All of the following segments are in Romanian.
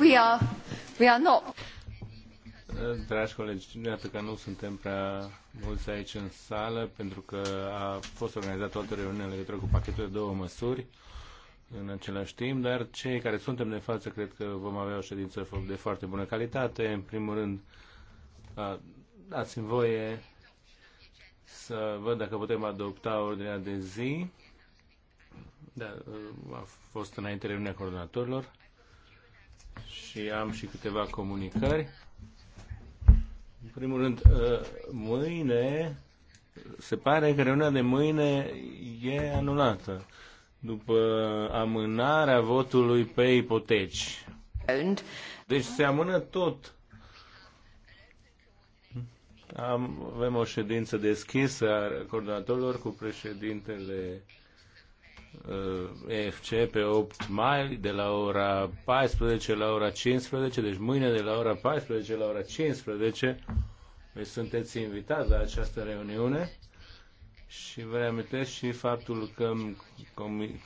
we are, we are not. Dragi colegi, iată că nu suntem prea mulți aici în sală, pentru că a fost organizată o altă reuniune în legătură cu pachetul de două măsuri în același timp, dar cei care suntem de față cred că vom avea o ședință de foarte bună calitate. În primul rând, dați-mi voie să văd dacă putem adopta ordinea de zi. Da, a fost înainte reuniunea coordonatorilor și am și câteva comunicări. În primul rând, uh, mâine, se pare că reuniunea de mâine e anulată după amânarea votului pe ipoteci. Deci se amână tot. Am, avem o ședință deschisă a coordonatorilor cu președintele Uh, EFC pe 8 mai de la ora 14 la ora 15, deci mâine de la ora 14 la ora 15 deci sunteți invitați la această reuniune și vă reamintesc și faptul că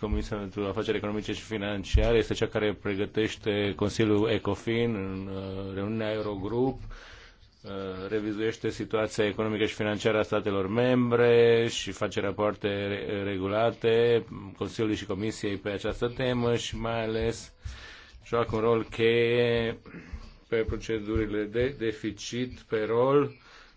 Comisia pentru Afaceri Economice și Financiare este cea care pregătește Consiliul ECOFIN în uh, reuniunea Eurogrup Uh, revizuiește situația economică și financiară a statelor membre și face rapoarte regulate Consiliului și Comisiei pe această temă și mai ales joacă un rol cheie pe procedurile de deficit, pe rol.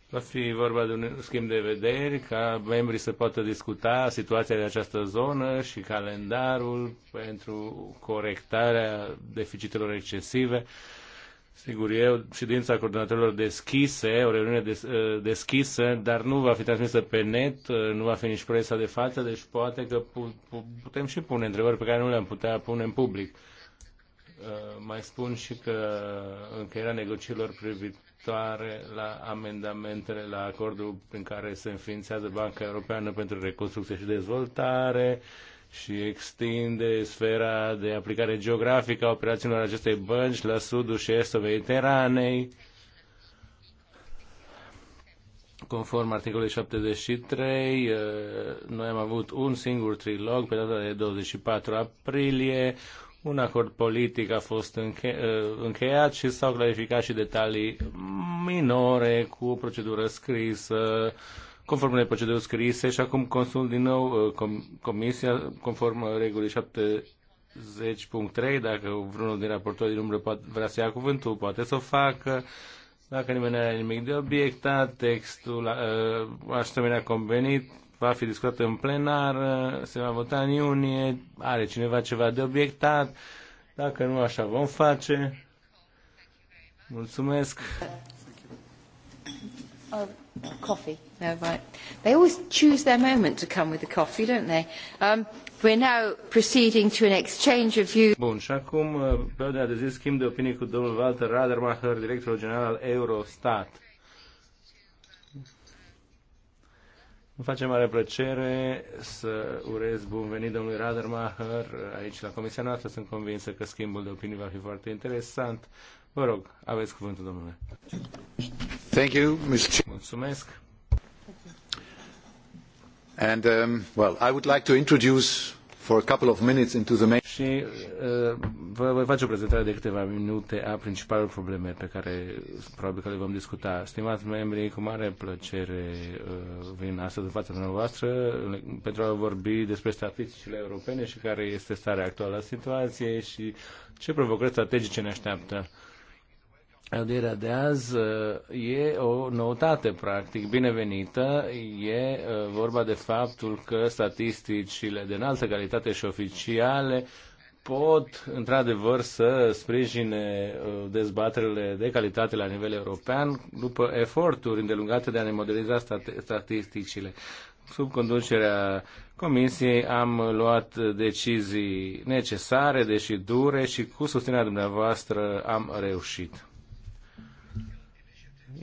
Va fi vorba de un schimb de vederi ca membrii să poată discuta situația de această zonă și calendarul pentru corectarea deficitelor excesive Sigur, e o ședință coordonatorilor deschise, o reuniune des, uh, deschisă, dar nu va fi transmisă pe net, uh, nu va fi nici presa de față, deci poate că putem și pune întrebări pe care nu le-am putea pune în public. Uh, mai spun și că încheierea negocierilor privitoare la amendamentele la acordul prin care se înființează Banca Europeană pentru Reconstrucție și Dezvoltare, și extinde sfera de aplicare geografică a operațiunilor acestei bănci la sudul și estul Mediteranei, conform articolului 73, uh, noi am avut un singur trilog pe data de 24 aprilie, un acord politic a fost înche- uh, încheiat și s-au clarificat și detalii minore cu o procedură scrisă conform unei proceduri scrise și acum consult din nou uh, com- comisia conform regulii 70.3. Dacă vreunul din raportori din umbră poate, vrea să ia cuvântul, poate să o facă. Dacă nimeni nu are nimic de obiectat, textul uh, asemenea convenit va fi discutat în plenar, se va vota în iunie, are cineva ceva de obiectat, dacă nu așa vom face. Mulțumesc! Thank uh, coffee. No, right. They always choose their moment to come with the coffee, don't they? Um, we're now proceeding to an exchange of views. Bun, și acum uh, pe ordinea de zi schimb de opinie cu domnul Walter Radermacher, directorul general al Eurostat. Îmi face mare plăcere să urez bun venit domnului Radermacher aici la comisia noastră. Sunt convinsă că schimbul de opinii va fi foarte interesant. Vă rog, aveți cuvântul, domnule. Thank you, Mr. Mulțumesc. And, um, well, I would like to introduce for a couple of minutes into the main... Și uh, vă voi face o prezentare de câteva minute a principalelor probleme pe care probabil că le vom discuta. Stimați membri, cu mare plăcere uh, vin astăzi în fața dumneavoastră pentru a vorbi despre statisticile europene și care este starea actuală a situației și ce provocări strategice ne așteaptă Audierea de azi uh, e o noutate, practic, binevenită. E uh, vorba de faptul că statisticile de înaltă calitate și oficiale pot, într-adevăr, să sprijine uh, dezbaterele de calitate la nivel european după eforturi îndelungate de a ne modeliza statisticile. Sub conducerea Comisiei am luat decizii necesare, deși dure, și cu susținerea dumneavoastră am reușit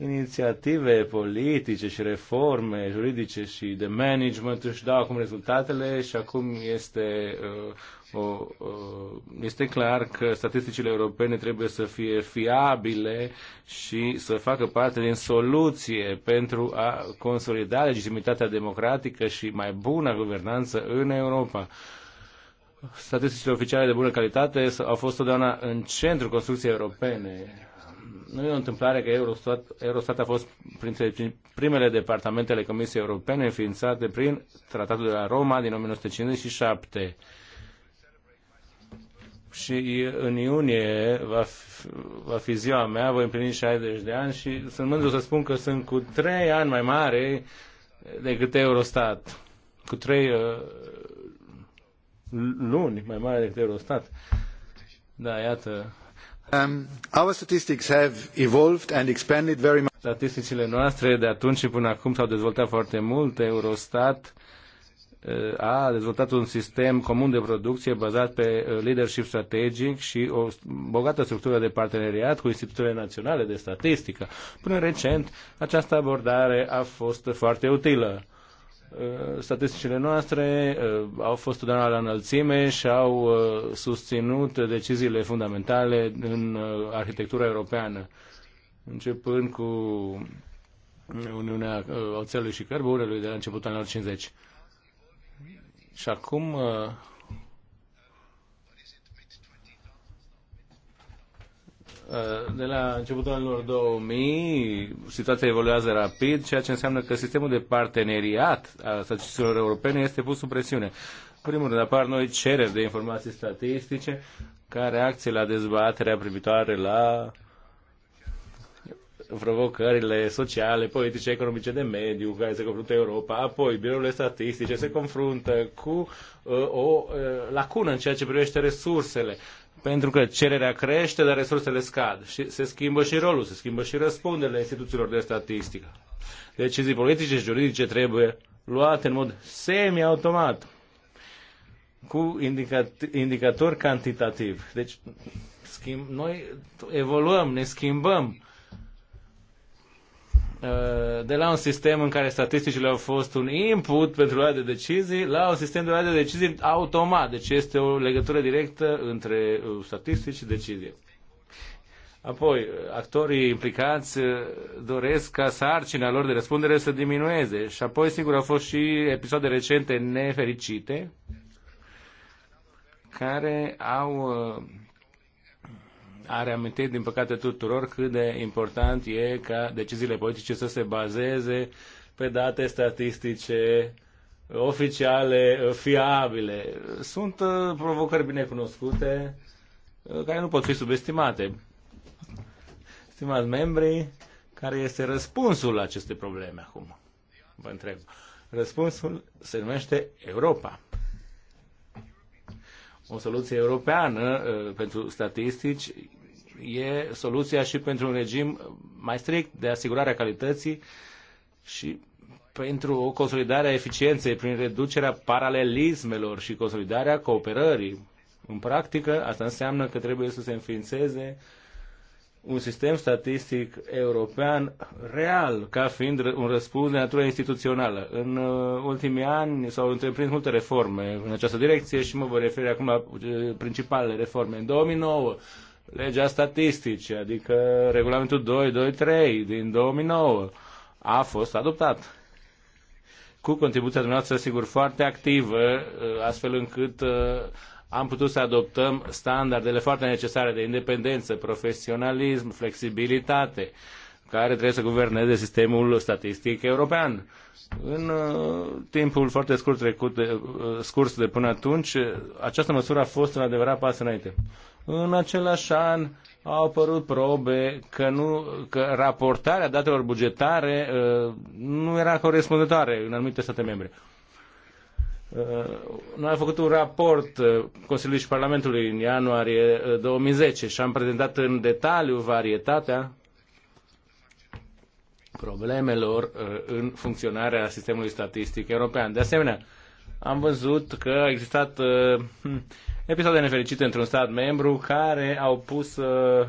inițiative politice și reforme juridice și de management își dau acum rezultatele și acum este, uh, o, uh, este clar că statisticile europene trebuie să fie fiabile și să facă parte din soluție pentru a consolida legitimitatea democratică și mai bună guvernanță în Europa. Statisticile oficiale de bună calitate au fost totdeauna în centrul construcției europene nu e o întâmplare că Eurostat, Eurostat a fost printre primele departamente ale Comisiei Europene înființate prin Tratatul de la Roma din 1957. Și în iunie va fi, va fi ziua mea, voi împlini 60 de ani și sunt mândru să spun că sunt cu 3 ani mai mare decât Eurostat. Cu 3 uh, luni mai mare decât Eurostat. Da, iată, Um, our statistics have evolved and expanded very much. Statisticile noastre de atunci și până acum s-au dezvoltat foarte mult. Eurostat uh, a dezvoltat un sistem comun de producție bazat pe uh, leadership strategic și o bogată structură de parteneriat cu instituțiile naționale de statistică. Până recent, această abordare a fost foarte utilă Uh, statisticile noastre uh, au fost totdeauna la înălțime și au uh, susținut deciziile fundamentale în arhitectura europeană, începând cu Uniunea Oțelului și Cărburelui de la începutul anilor 50. Și acum Uh, de la începutul anilor 2000, situația evoluează rapid, ceea ce înseamnă că sistemul de parteneriat al statisticilor europene este pus sub presiune. În primul rând, apar noi cereri de informații statistice ca reacție la dezbaterea privitoare la provocările sociale, politice, economice, de mediu care se confruntă Europa, apoi birourile statistice se confruntă cu uh, o uh, lacună în ceea ce privește resursele pentru că cererea crește, dar resursele scad. Și se schimbă și rolul, se schimbă și răspunderile instituțiilor de statistică. Decizii politice și juridice trebuie luate în mod semi-automat, cu indicat- indicatori cantitativ. Deci, schimb, noi evoluăm, ne schimbăm Eh, de la un sistem în care statisticile au fost un input pentru luarea de decizii la un sistem de luare de decizii automat. Deci este o legătură directă între uh, statistici și decizie. Apoi, eh, actorii implicați eh, doresc ca sarcina lor de răspundere să diminueze. Și apoi, sigur, au fost și episoade recente nefericite care au a reamintit, din păcate, tuturor cât de important e ca deciziile politice să se bazeze pe date statistice oficiale, fiabile. Sunt uh, provocări binecunoscute uh, care nu pot fi subestimate. Stimați membri, care este răspunsul la aceste probleme acum? Vă întreb. Răspunsul se numește Europa o soluție europeană uh, pentru statistici e soluția și pentru un regim mai strict de asigurare a calității și pentru o consolidare a eficienței prin reducerea paralelismelor și consolidarea cooperării. În practică, asta înseamnă că trebuie să se înființeze un sistem statistic european real, ca fiind un răspuns de natură instituțională. În uh, ultimii ani s-au întreprins multe reforme în această direcție și mă voi referi acum la uh, principalele reforme. În 2009 legea statisticii, adică regulamentul 223 din 2009, a fost adoptat. Cu contribuția dumneavoastră, sigur, foarte activă, ă, astfel încât ă, am putut să adoptăm standardele foarte necesare de independență, profesionalism, flexibilitate, care trebuie să guverneze sistemul statistic european. În ă, timpul foarte scurt, trecut de, scurs de până atunci, această măsură a fost un adevărat pas înainte în același an au apărut probe că, nu, că raportarea datelor bugetare uh, nu era corespunzătoare în anumite state membre. Uh, noi am făcut un raport uh, Consiliului și Parlamentului în ianuarie 2010 și am prezentat în detaliu varietatea problemelor în funcționarea sistemului statistic european. De asemenea, am văzut că a existat uh, hmm, episoade nefericite într-un stat membru care au pus uh,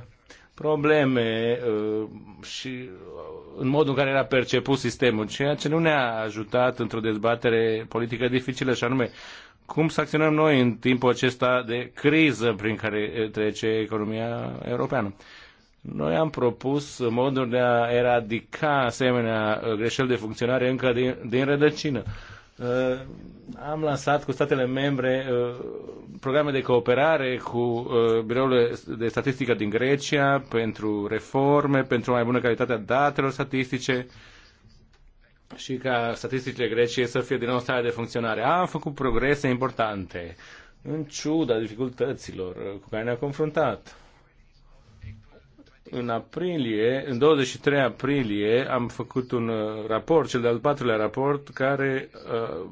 probleme uh, și uh, în modul în care era perceput sistemul, ceea ce nu ne-a ajutat într-o dezbatere politică dificilă, și anume cum să acționăm noi în timpul acesta de criză prin care uh, trece economia europeană. Noi am propus moduri de a eradica asemenea uh, greșeli de funcționare încă din, din rădăcină. Uh, Uh, am lansat cu statele membre uh, programe de cooperare cu uh, biroul de statistică din Grecia pentru reforme, pentru o mai bună calitate a datelor statistice și ca statisticile Greciei să fie din nou stare de funcționare. Am făcut progrese importante în ciuda dificultăților cu care ne-am confruntat. În aprilie, în 23 aprilie, am făcut un uh, raport, cel de-al patrulea raport, care uh,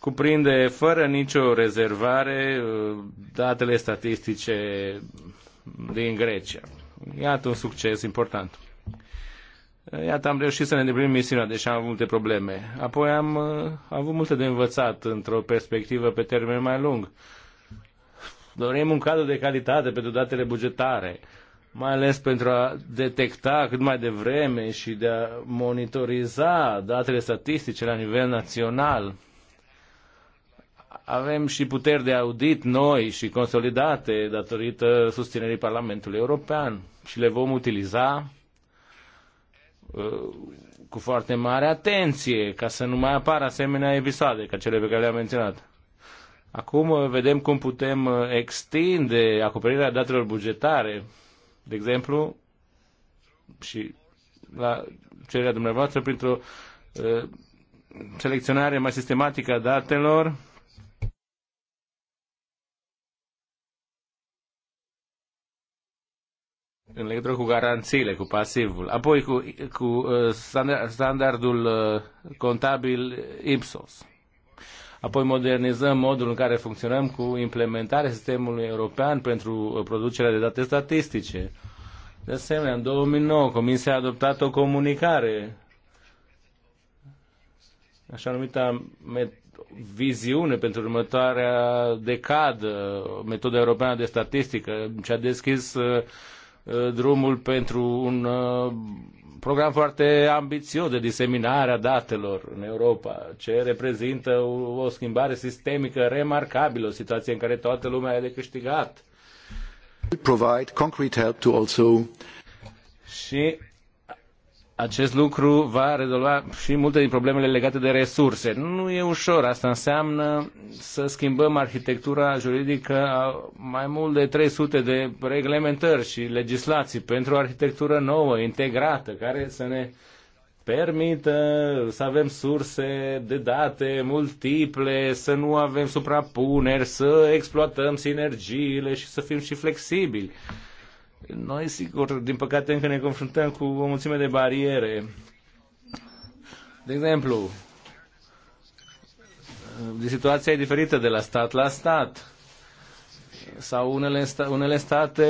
cuprinde fără nicio rezervare uh, datele statistice din Grecia. Iată un succes important. Iată, am reușit să ne îndeplinim misiunea, deși am avut multe probleme. Apoi am, am uh, avut multe de învățat într-o perspectivă pe termen mai lung. Uh, Dorim un cadru de calitate pentru datele bugetare, mai ales pentru a detecta cât mai devreme și de a monitoriza datele statistice la nivel național. Avem și puteri de audit noi și consolidate datorită susținerii Parlamentului European și le vom utiliza uh, cu foarte mare atenție ca să nu mai apară asemenea episoade ca cele pe care le-am menționat. Acum uh, vedem cum putem uh, extinde acoperirea datelor bugetare, de exemplu, și la cererea dumneavoastră printr-o uh, selecționare mai sistematică a datelor. în legătură cu garanțiile, cu pasivul, apoi cu, cu uh, standardul contabil IPSOS. Apoi modernizăm modul în care funcționăm cu implementarea sistemului european pentru producerea de date statistice. De asemenea, în 2009, Comisia a adoptat o comunicare, așa numită viziune pentru următoarea decadă, metoda europeană de statistică, ce a deschis uh, uh, drumul pentru un uh, program foarte ambițios de diseminare a datelor în Europa, ce reprezintă o schimbare sistemică remarcabilă, o situație în care toată lumea e de câștigat. Provide concrete help to also... Și acest lucru va rezolva și multe din problemele legate de resurse. Nu e ușor, asta înseamnă să schimbăm arhitectura juridică a mai mult de 300 de reglementări și legislații pentru o arhitectură nouă, integrată, care să ne permită să avem surse de date multiple, să nu avem suprapuneri, să exploatăm sinergiile și să fim și flexibili. Noi, sigur, din păcate încă ne confruntăm cu o mulțime de bariere. De exemplu, situația e diferită de la stat la stat. Sau unele, sta- unele state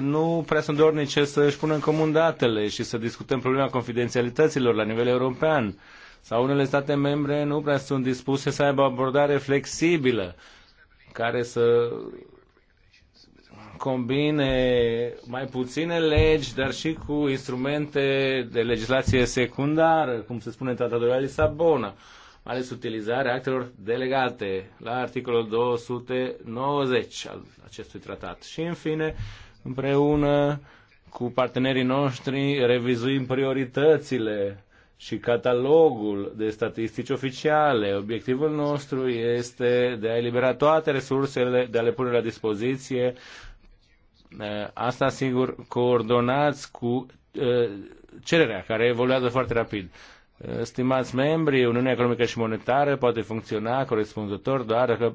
nu prea sunt dornice să își pună în comun datele și să discutăm problema confidențialităților la nivel european. Sau unele state membre nu prea sunt dispuse să aibă o abordare flexibilă care să combine mai puține legi, dar și cu instrumente de legislație secundară, cum se spune în Tratatul de Lisabona, mai ales utilizarea actelor delegate la articolul 290 al acestui tratat. Și, în fine, împreună cu partenerii noștri revizuim prioritățile și catalogul de statistici oficiale. Obiectivul nostru este de a elibera toate resursele, de a le pune la dispoziție Eh, asta, sigur, coordonați cu eh, cererea, care evoluează foarte rapid. Eh, stimați membri, Uniunea Economică și Monetară poate funcționa corespunzător doar dacă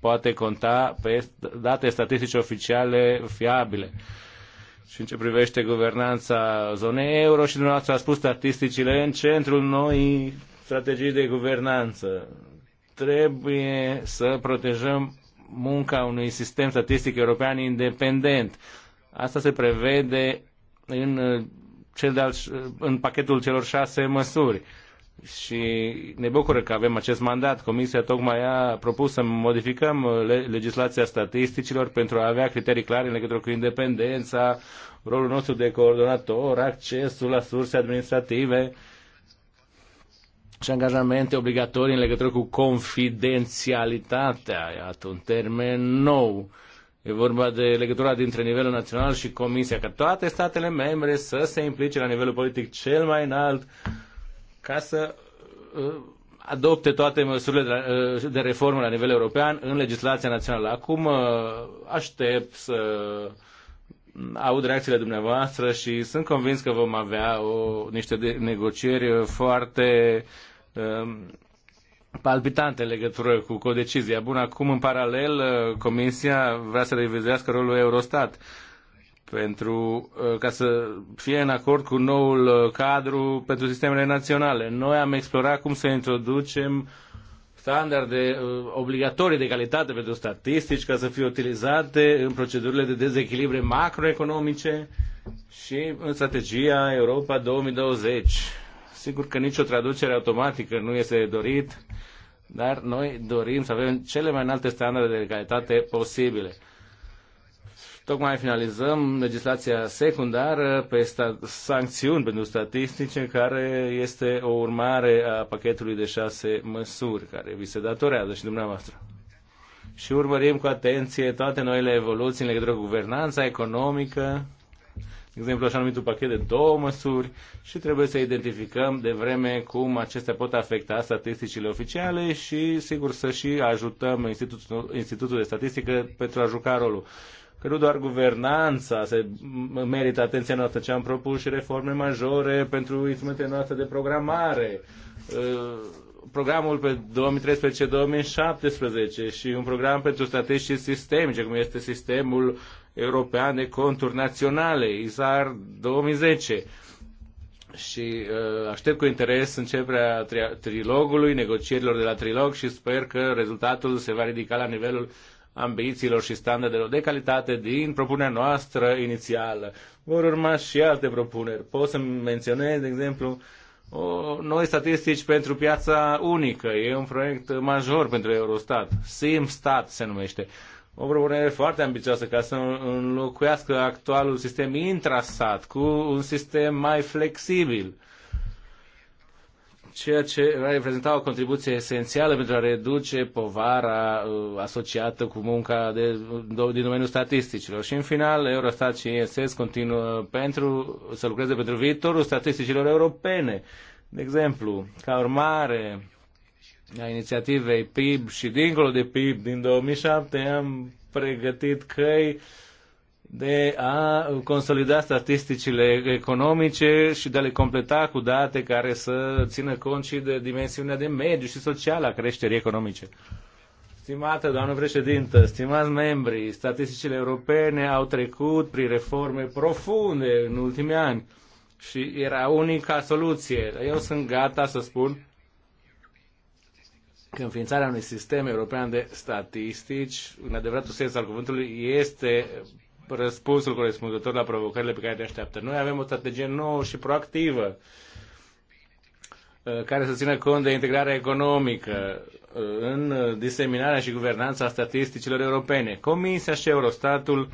poate conta pe date statistice oficiale fiabile. Și în ce privește guvernanța zonei euro și dumneavoastră a spus statisticile în centrul noii strategii de guvernanță. Trebuie să protejăm munca unui sistem statistic european independent. Asta se prevede în, uh, cel de uh, în pachetul celor șase măsuri. Și ne bucură că avem acest mandat. Comisia tocmai a propus să modificăm uh, legislația statisticilor pentru a avea criterii clare în legătură cu independența, rolul nostru de coordonator, accesul la surse administrative, și angajamente obligatorii în legătură cu confidențialitatea. Iată, un termen nou. E vorba de legătura dintre nivelul național și Comisia, ca toate statele membre să se implice la nivelul politic cel mai înalt ca să uh, adopte toate măsurile de, uh, de reformă la nivel european în legislația națională. Acum uh, aștept să aud reacțiile dumneavoastră și sunt convins că vom avea o, niște negocieri foarte um, palpitante în legătură cu codecizia. Bun, acum în paralel Comisia vrea să revizuiască rolul Eurostat pentru uh, ca să fie în acord cu noul uh, cadru pentru sistemele naționale. Noi am explorat cum să introducem uh, standarde uh, obligatorii de calitate pentru statistici ca să fie utilizate în procedurile de dezechilibre macroeconomice și în strategia Europa 2020. Sigur că nicio traducere automatică nu este dorit, dar noi dorim să avem cele mai înalte standarde de calitate posibile. Tocmai finalizăm legislația secundară pe sta- sancțiuni pentru statistice, care este o urmare a pachetului de șase măsuri, care vi se datorează și dumneavoastră. Și urmărim cu atenție toate noile evoluții în legătură cu guvernanța economică, de exemplu, așa numitul pachet de două măsuri și trebuie să identificăm de vreme cum acestea pot afecta statisticile oficiale și, sigur, să și ajutăm Institutul, Institutul de Statistică pentru a juca rolul că nu doar guvernanța se merită atenția noastră, ce am propus și reforme majore pentru instrumentele noastre de programare, uh, programul pe 2013-2017 și un program pentru strategii sistemice, cum este sistemul european de conturi naționale, ISAR 2010 și uh, aștept cu interes începerea tri- trilogului, negocierilor de la trilog și sper că rezultatul se va ridica la nivelul ambițiilor și standardelor de calitate din propunerea noastră inițială. Vor urma și alte propuneri. Pot să menționez, de exemplu, o, noi statistici pentru piața unică. E un proiect major pentru Eurostat. SimStat se numește. O propunere foarte ambicioasă ca să înlocuiască actualul sistem intrasat cu un sistem mai flexibil ceea ce va reprezenta o contribuție esențială pentru a reduce povara uh, asociată cu munca de, din domeniul statisticilor. Și în final, Eurostat și ISS continuă pentru, să lucreze pentru viitorul statisticilor europene. De exemplu, ca urmare a inițiativei PIB și dincolo de PIB din 2007 am pregătit căi de a consolida statisticile economice și de a le completa cu date care să țină cont și de dimensiunea de mediu și socială a creșterii economice. Stimată doamnă președintă, stimați membri, statisticile europene au trecut prin reforme profunde în ultimii ani și era unica soluție. Eu sunt gata să spun că înființarea unui sistem european de statistici, în adevăratul sens al cuvântului, este răspunsul corespunzător la provocările pe care le așteaptă. Noi avem o strategie nouă și proactivă uh, care să țină cont de integrarea economică uh, în diseminarea și guvernanța statisticilor europene. Comisia și Eurostatul,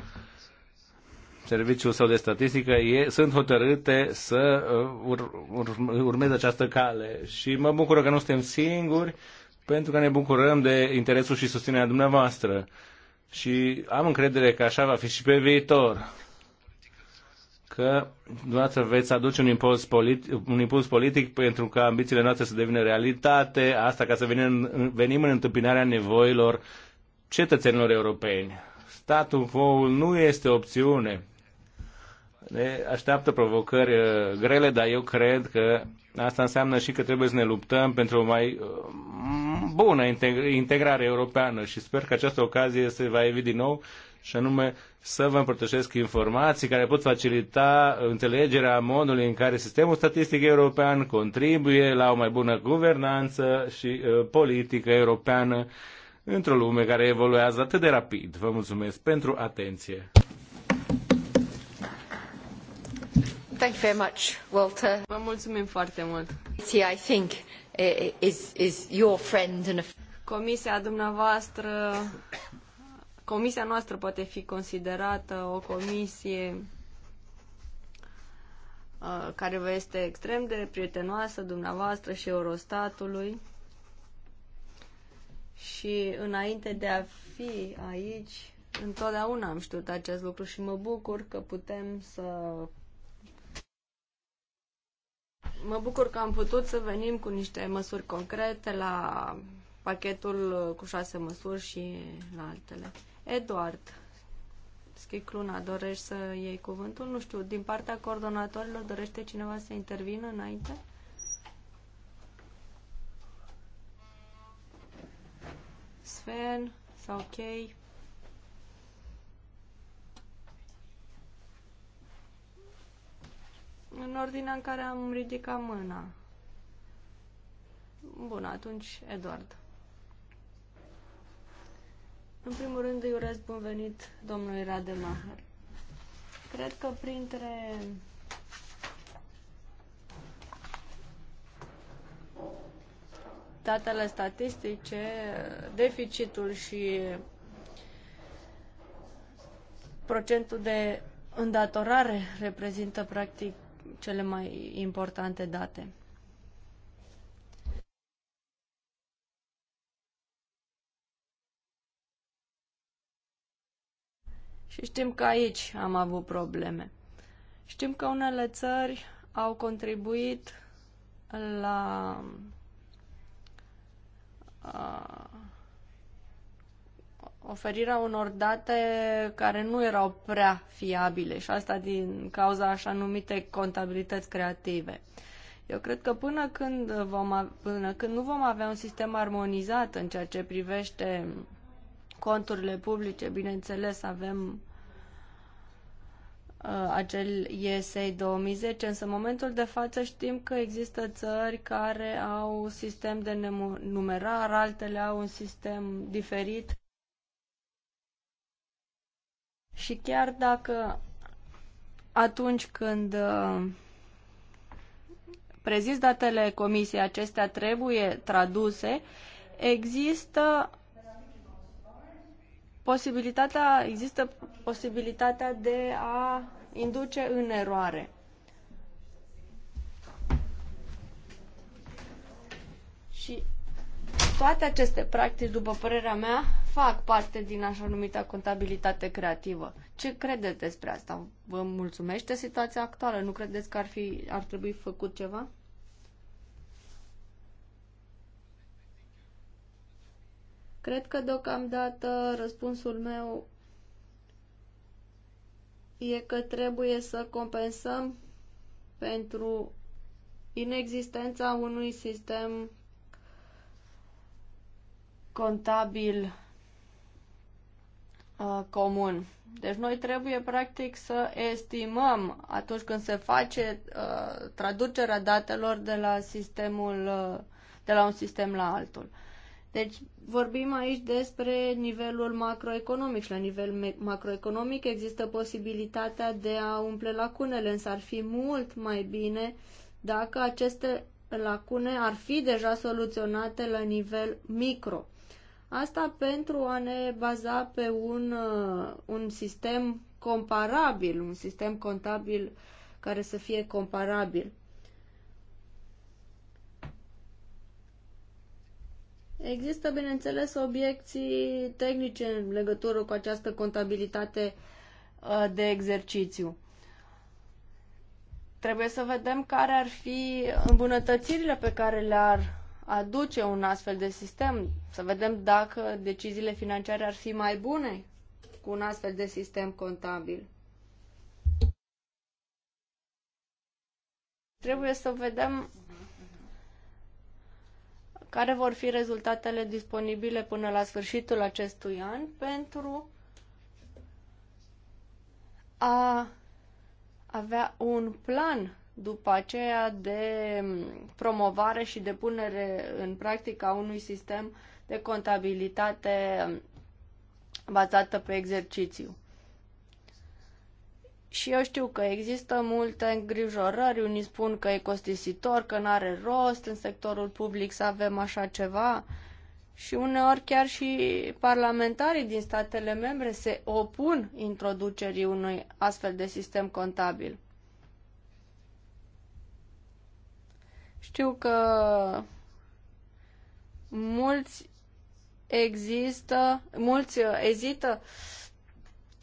serviciul său de statistică, e, sunt hotărâte să uh, ur, ur, urmeze această cale. Și mă bucură că nu suntem singuri, pentru că ne bucurăm de interesul și susținerea dumneavoastră. Și am încredere că așa va fi și pe viitor că dumneavoastră veți aduce un impuls, politic, un impuls politic pentru ca ambițiile noastre să devină realitate, asta ca să venim, venim în întâmpinarea nevoilor cetățenilor europeni. Statul quo nu este opțiune ne așteaptă provocări uh, grele, dar eu cred că asta înseamnă și că trebuie să ne luptăm pentru o mai uh, bună integrare europeană și sper că această ocazie se va evi din nou și anume să vă împărtășesc informații care pot facilita înțelegerea modului în care sistemul statistic european contribuie la o mai bună guvernanță și uh, politică europeană într-o lume care evoluează atât de rapid. Vă mulțumesc pentru atenție! Thank you very much, Walter. Vă mulțumim foarte mult. I think eh, eh, is, is your friend and a... Comisia dumneavoastră, comisia noastră poate fi considerată o comisie eh, care vă este extrem de prietenoasă dumneavoastră și Eurostatului. Și înainte de a fi aici, întotdeauna am știut acest lucru și mă bucur că putem să Mă bucur că am putut să venim cu niște măsuri concrete la pachetul cu șase măsuri și la altele. Eduard, Schicluna, dorești să iei cuvântul? Nu știu, din partea coordonatorilor dorește cineva să intervină înainte? Sven sau Kay? în ordinea în care am ridicat mâna. Bun, atunci, Eduard. În primul rând îi urez bun venit domnului Rademacher. Cred că printre datele statistice, deficitul și procentul de îndatorare reprezintă practic cele mai importante date. Și știm că aici am avut probleme. Știm că unele țări au contribuit la uh, oferirea unor date care nu erau prea fiabile și asta din cauza așa numite contabilități creative. Eu cred că până când, vom, până când nu vom avea un sistem armonizat în ceea ce privește conturile publice, bineînțeles, avem uh, acel ESA 2010, însă în momentul de față știm că există țări care au un sistem de numerar, altele au un sistem diferit. Și chiar dacă atunci când uh, prezinți datele comisiei, acestea trebuie traduse, există posibilitatea, există posibilitatea de a induce în eroare. Și toate aceste practici, după părerea mea, fac parte din așa numita contabilitate creativă. Ce credeți despre asta? Vă mulțumește situația actuală? Nu credeți că ar, fi, ar trebui făcut ceva? Cred că deocamdată răspunsul meu e că trebuie să compensăm pentru inexistența unui sistem contabil Uh, comun. Deci noi trebuie practic să estimăm atunci când se face uh, traducerea datelor de la sistemul uh, de la un sistem la altul. Deci vorbim aici despre nivelul macroeconomic și la nivel macroeconomic există posibilitatea de a umple lacunele, însă ar fi mult mai bine dacă aceste lacune ar fi deja soluționate la nivel micro. Asta pentru a ne baza pe un, uh, un sistem comparabil, un sistem contabil care să fie comparabil. Există, bineînțeles, obiecții tehnice în legătură cu această contabilitate uh, de exercițiu. Trebuie să vedem care ar fi îmbunătățirile pe care le-ar aduce un astfel de sistem, să vedem dacă deciziile financiare ar fi mai bune cu un astfel de sistem contabil. Trebuie să vedem care vor fi rezultatele disponibile până la sfârșitul acestui an pentru a avea un plan după aceea de promovare și de punere în practică a unui sistem de contabilitate bazată pe exercițiu. Și eu știu că există multe îngrijorări, unii spun că e costisitor, că nu are rost în sectorul public să avem așa ceva și uneori chiar și parlamentarii din statele membre se opun introducerii unui astfel de sistem contabil. Știu că mulți există, mulți uh, ezită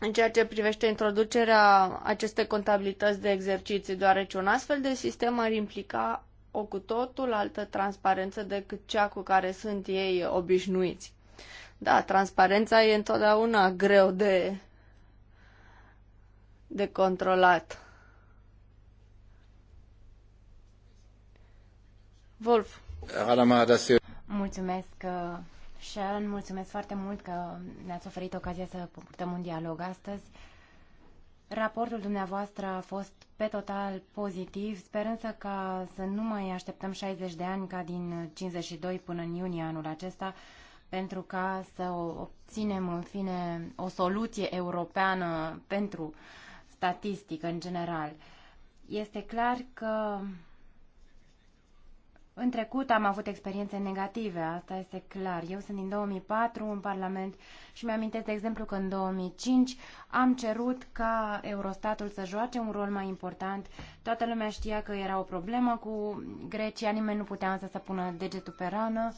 în ceea ce privește introducerea acestei contabilități de exerciții, deoarece un astfel de sistem ar implica o cu totul altă transparență decât cea cu care sunt ei obișnuiți. Da, transparența e întotdeauna greu de, de controlat. Wolf. Mulțumesc, uh, Sharon, mulțumesc foarte mult că ne-ați oferit ocazia să purtăm un dialog astăzi. Raportul dumneavoastră a fost pe total pozitiv, sperând să ca să nu mai așteptăm 60 de ani ca din 52 până în iunie anul acesta, pentru ca să obținem în fine o soluție europeană pentru statistică în general. Este clar că în trecut am avut experiențe negative, asta este clar. Eu sunt din 2004 în Parlament și mi-amintesc, de exemplu, că în 2005 am cerut ca Eurostatul să joace un rol mai important. Toată lumea știa că era o problemă cu Grecia, nimeni nu putea însă să pună degetul pe rană.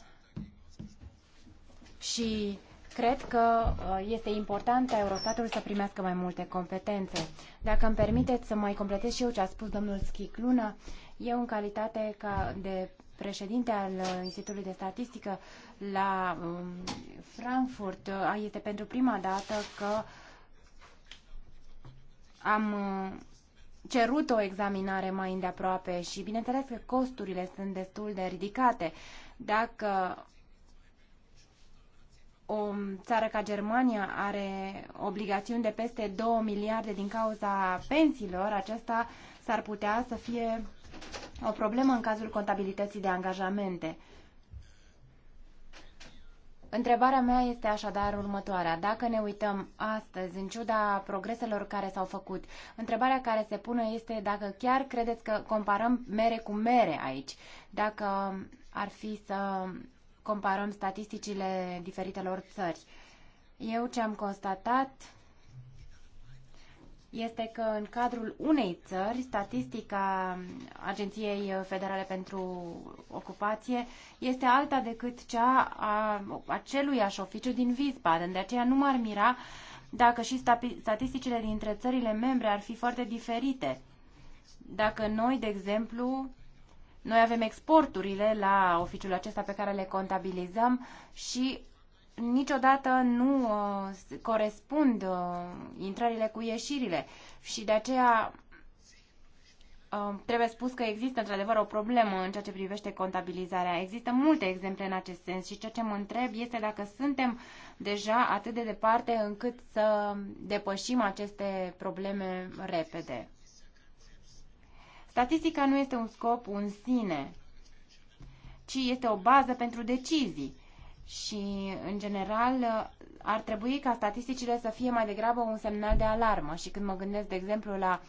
Și Cred că uh, este important ca Eurostatul să primească mai multe competențe. Dacă îmi permiteți să mai completez și eu ce a spus domnul Schicluna, eu în calitate ca de președinte al uh, Institutului de Statistică la um, Frankfurt, uh, este pentru prima dată că am uh, cerut o examinare mai îndeaproape și bineînțeles că costurile sunt destul de ridicate. Dacă o țară ca Germania are obligațiuni de peste 2 miliarde din cauza pensiilor, acesta s-ar putea să fie o problemă în cazul contabilității de angajamente. Întrebarea mea este așadar următoarea. Dacă ne uităm astăzi, în ciuda progreselor care s-au făcut, întrebarea care se pune este dacă chiar credeți că comparăm mere cu mere aici, dacă ar fi să comparăm statisticile diferitelor țări. Eu ce am constatat este că în cadrul unei țări, statistica Agenției Federale pentru Ocupație este alta decât cea a aceluiași oficiu din Wiesbaden. De aceea nu m-ar mira dacă și statisticile dintre țările membre ar fi foarte diferite. Dacă noi, de exemplu, noi avem exporturile la oficiul acesta pe care le contabilizăm și niciodată nu uh, corespund uh, intrările cu ieșirile și de aceea uh, trebuie spus că există într-adevăr o problemă în ceea ce privește contabilizarea. Există multe exemple în acest sens și ceea ce mă întreb este dacă suntem deja atât de departe încât să depășim aceste probleme repede. Statistica nu este un scop în sine, ci este o bază pentru decizii și, în general, ar trebui ca statisticile să fie mai degrabă un semnal de alarmă. Și când mă gândesc, de exemplu, la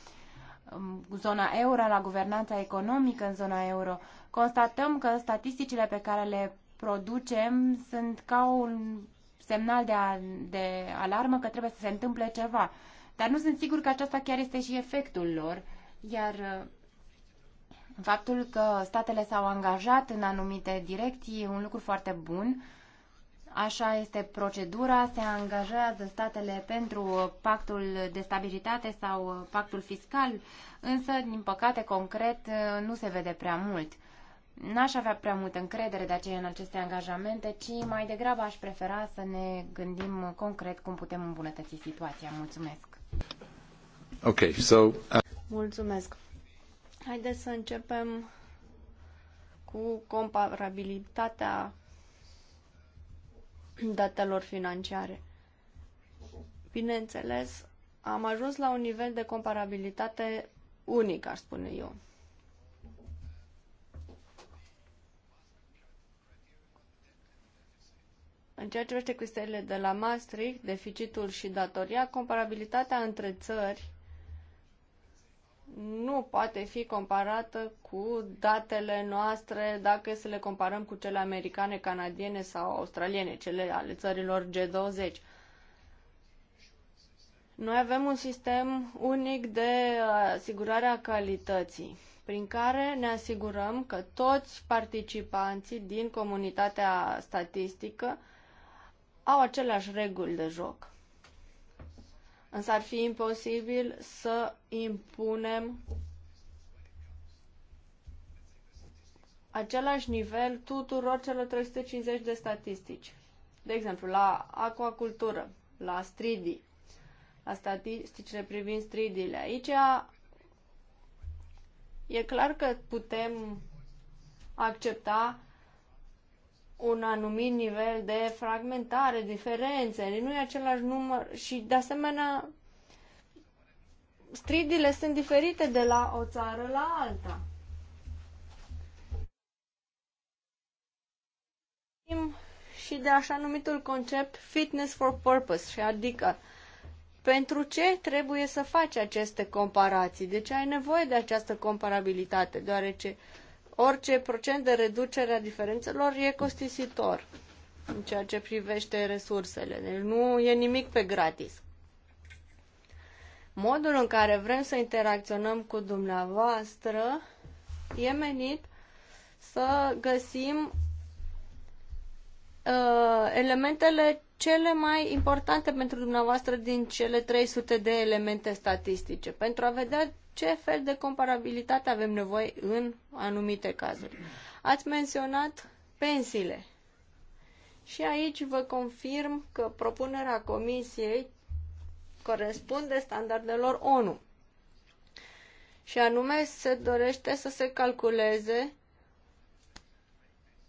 um, zona euro, la guvernanța economică în zona euro, constatăm că statisticile pe care le producem sunt ca un semnal de, a, de alarmă că trebuie să se întâmple ceva. Dar nu sunt sigur că aceasta chiar este și efectul lor, iar uh, faptul că statele s-au angajat în anumite direcții e un lucru foarte bun, Așa este procedura, se angajează statele pentru pactul de stabilitate sau pactul fiscal, însă, din păcate, concret, nu se vede prea mult. N-aș avea prea multă încredere de aceea în aceste angajamente, ci mai degrabă aș prefera să ne gândim concret cum putem îmbunătăți situația. Mulțumesc! Ok, so... Uh... Mulțumesc! Haideți să începem cu comparabilitatea datelor financiare. Bineînțeles, am ajuns la un nivel de comparabilitate unic, ar spune eu. În ceea ce privește criteriile de la Maastricht, deficitul și datoria, comparabilitatea între țări nu poate fi comparată cu datele noastre dacă să le comparăm cu cele americane, canadiene sau australiene, cele ale țărilor G20. Noi avem un sistem unic de asigurare a calității, prin care ne asigurăm că toți participanții din comunitatea statistică au aceleași reguli de joc însă ar fi imposibil să impunem același nivel tuturor celor 350 de statistici. De exemplu, la aquacultură, la stridii, la statisticile privind stridiile. Aici e clar că putem accepta un anumit nivel de fragmentare, diferențe, nu e același număr și de asemenea stridile sunt diferite de la o țară la alta. Și de așa numitul concept fitness for purpose, și adică pentru ce trebuie să faci aceste comparații? De ce ai nevoie de această comparabilitate? Deoarece uh, orice procent de reducere a diferențelor e costisitor în ceea ce privește resursele. Deci nu e nimic pe gratis. Modul în care vrem să interacționăm cu dumneavoastră e menit să găsim uh, elementele cele mai importante pentru dumneavoastră din cele 300 de elemente statistice, pentru a vedea ce fel de comparabilitate avem nevoie în anumite cazuri. Ați menționat pensiile. Și aici vă confirm că propunerea Comisiei corespunde standardelor ONU. Și anume se dorește să se calculeze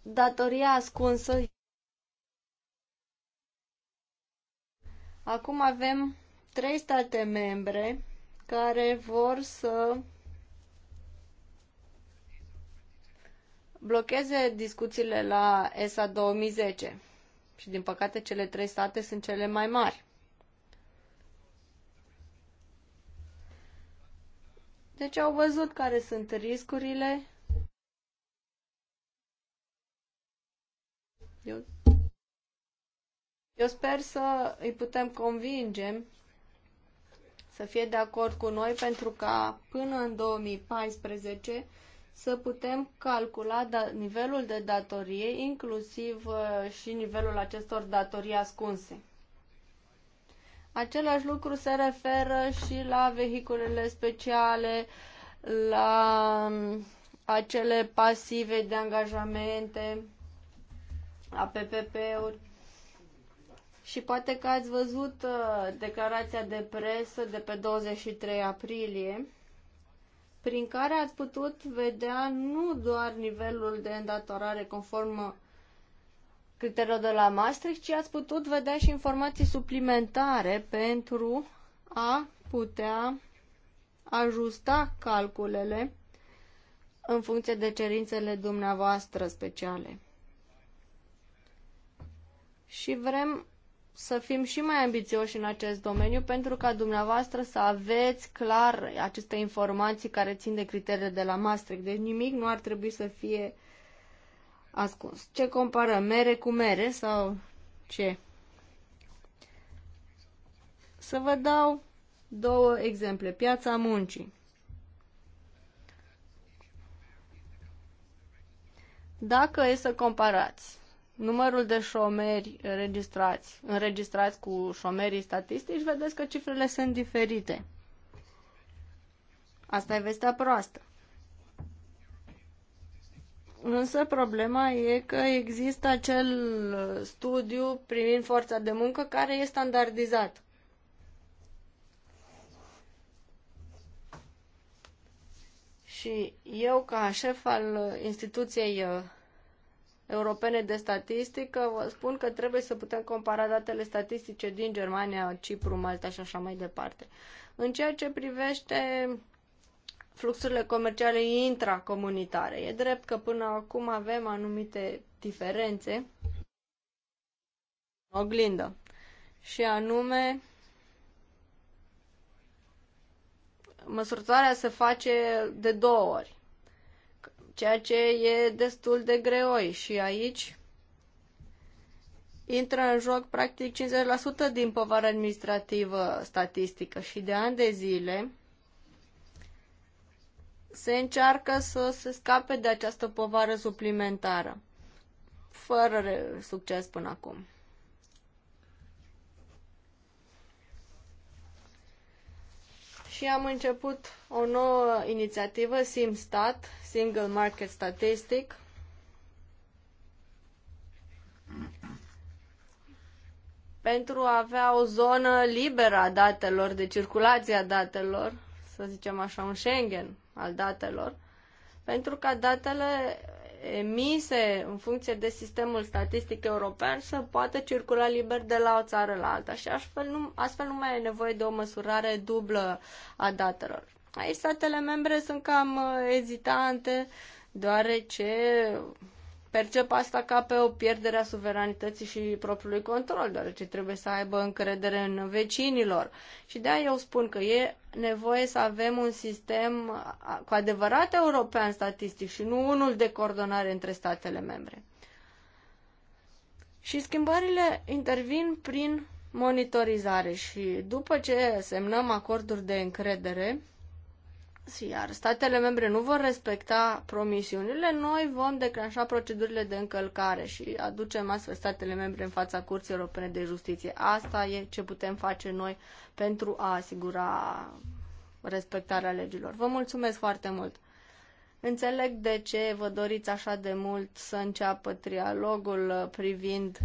datoria ascunsă. Acum avem trei state membre care vor să blocheze discuțiile la ESA 2010. Și din păcate cele trei state sunt cele mai mari. Deci au văzut care sunt riscurile. Eu, eu sper să îi putem convinge să fie de acord cu noi pentru ca până în 2014 să putem calcula da, nivelul de datorie, inclusiv uh, și nivelul acestor datorii ascunse. Același lucru se referă și la vehiculele speciale, la um, acele pasive de angajamente, la PPP-uri. Și poate că ați văzut uh, declarația de presă de pe 23 aprilie, prin care ați putut vedea nu doar nivelul de îndatorare conform criteriilor de la Maastricht, ci ați putut vedea și informații suplimentare pentru a putea ajusta calculele în funcție de cerințele dumneavoastră speciale. Și vrem să fim și mai ambițioși în acest domeniu pentru ca dumneavoastră să aveți clar aceste informații care țin de criteriile de la Maastricht. Deci nimic nu ar trebui să fie ascuns. Ce compară? Mere cu mere sau ce? Să vă dau două exemple. Piața muncii. Dacă e să comparați numărul de șomeri înregistrați, înregistrați cu șomerii statistici, vedeți că cifrele sunt diferite. Asta e vestea proastă. Însă problema e că există acel studiu privind forța de muncă care e standardizat. Și eu, ca șef al instituției uh, europene de statistică, vă spun că trebuie să putem compara datele statistice din Germania, Cipru, Malta și așa mai departe. În ceea ce privește fluxurile comerciale intracomunitare, e drept că până acum avem anumite diferențe oglindă și anume măsurătoarea se face de două ori ceea ce e destul de greoi și aici intră în joc practic 50% din povara administrativă statistică și de ani de zile se încearcă să se scape de această povară suplimentară, fără succes până acum. și am început o nouă inițiativă, SimStat, Single Market Statistic, pentru a avea o zonă liberă a datelor, de circulație a datelor, să zicem așa, un Schengen al datelor, pentru ca datele emise în funcție de sistemul statistic european să poată circula liber de la o țară la alta și astfel nu, astfel nu mai e nevoie de o măsurare dublă a datelor. Aici statele membre sunt cam uh, ezitante, deoarece percep asta ca pe o pierdere a suveranității și propriului control, deoarece trebuie să aibă încredere în vecinilor. Și de aia eu spun că e nevoie să avem un sistem cu adevărat european statistic și nu unul de coordonare între statele membre. Și schimbările intervin prin monitorizare și după ce semnăm acorduri de încredere, iar statele membre nu vor respecta promisiunile, noi vom declanșa procedurile de încălcare și aducem astfel statele membre în fața Curții Europene de Justiție. Asta e ce putem face noi pentru a asigura respectarea legilor. Vă mulțumesc foarte mult! Înțeleg de ce vă doriți așa de mult să înceapă trialogul privind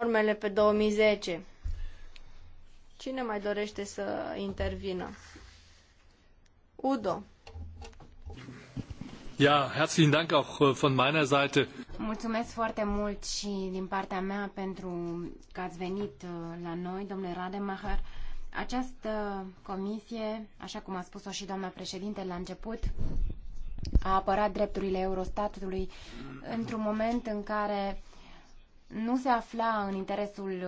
normele pe 2010. Cine mai dorește să intervină? Udo. Ja, herzlichen Dank auch äh, von meiner Seite. Mulțumesc foarte mult și din partea mea pentru că ați venit äh, la noi, domnule Rademacher. Această comisie, așa cum a spus-o și doamna președinte la început, a apărat drepturile Eurostatului într-un moment în care nu se afla în interesul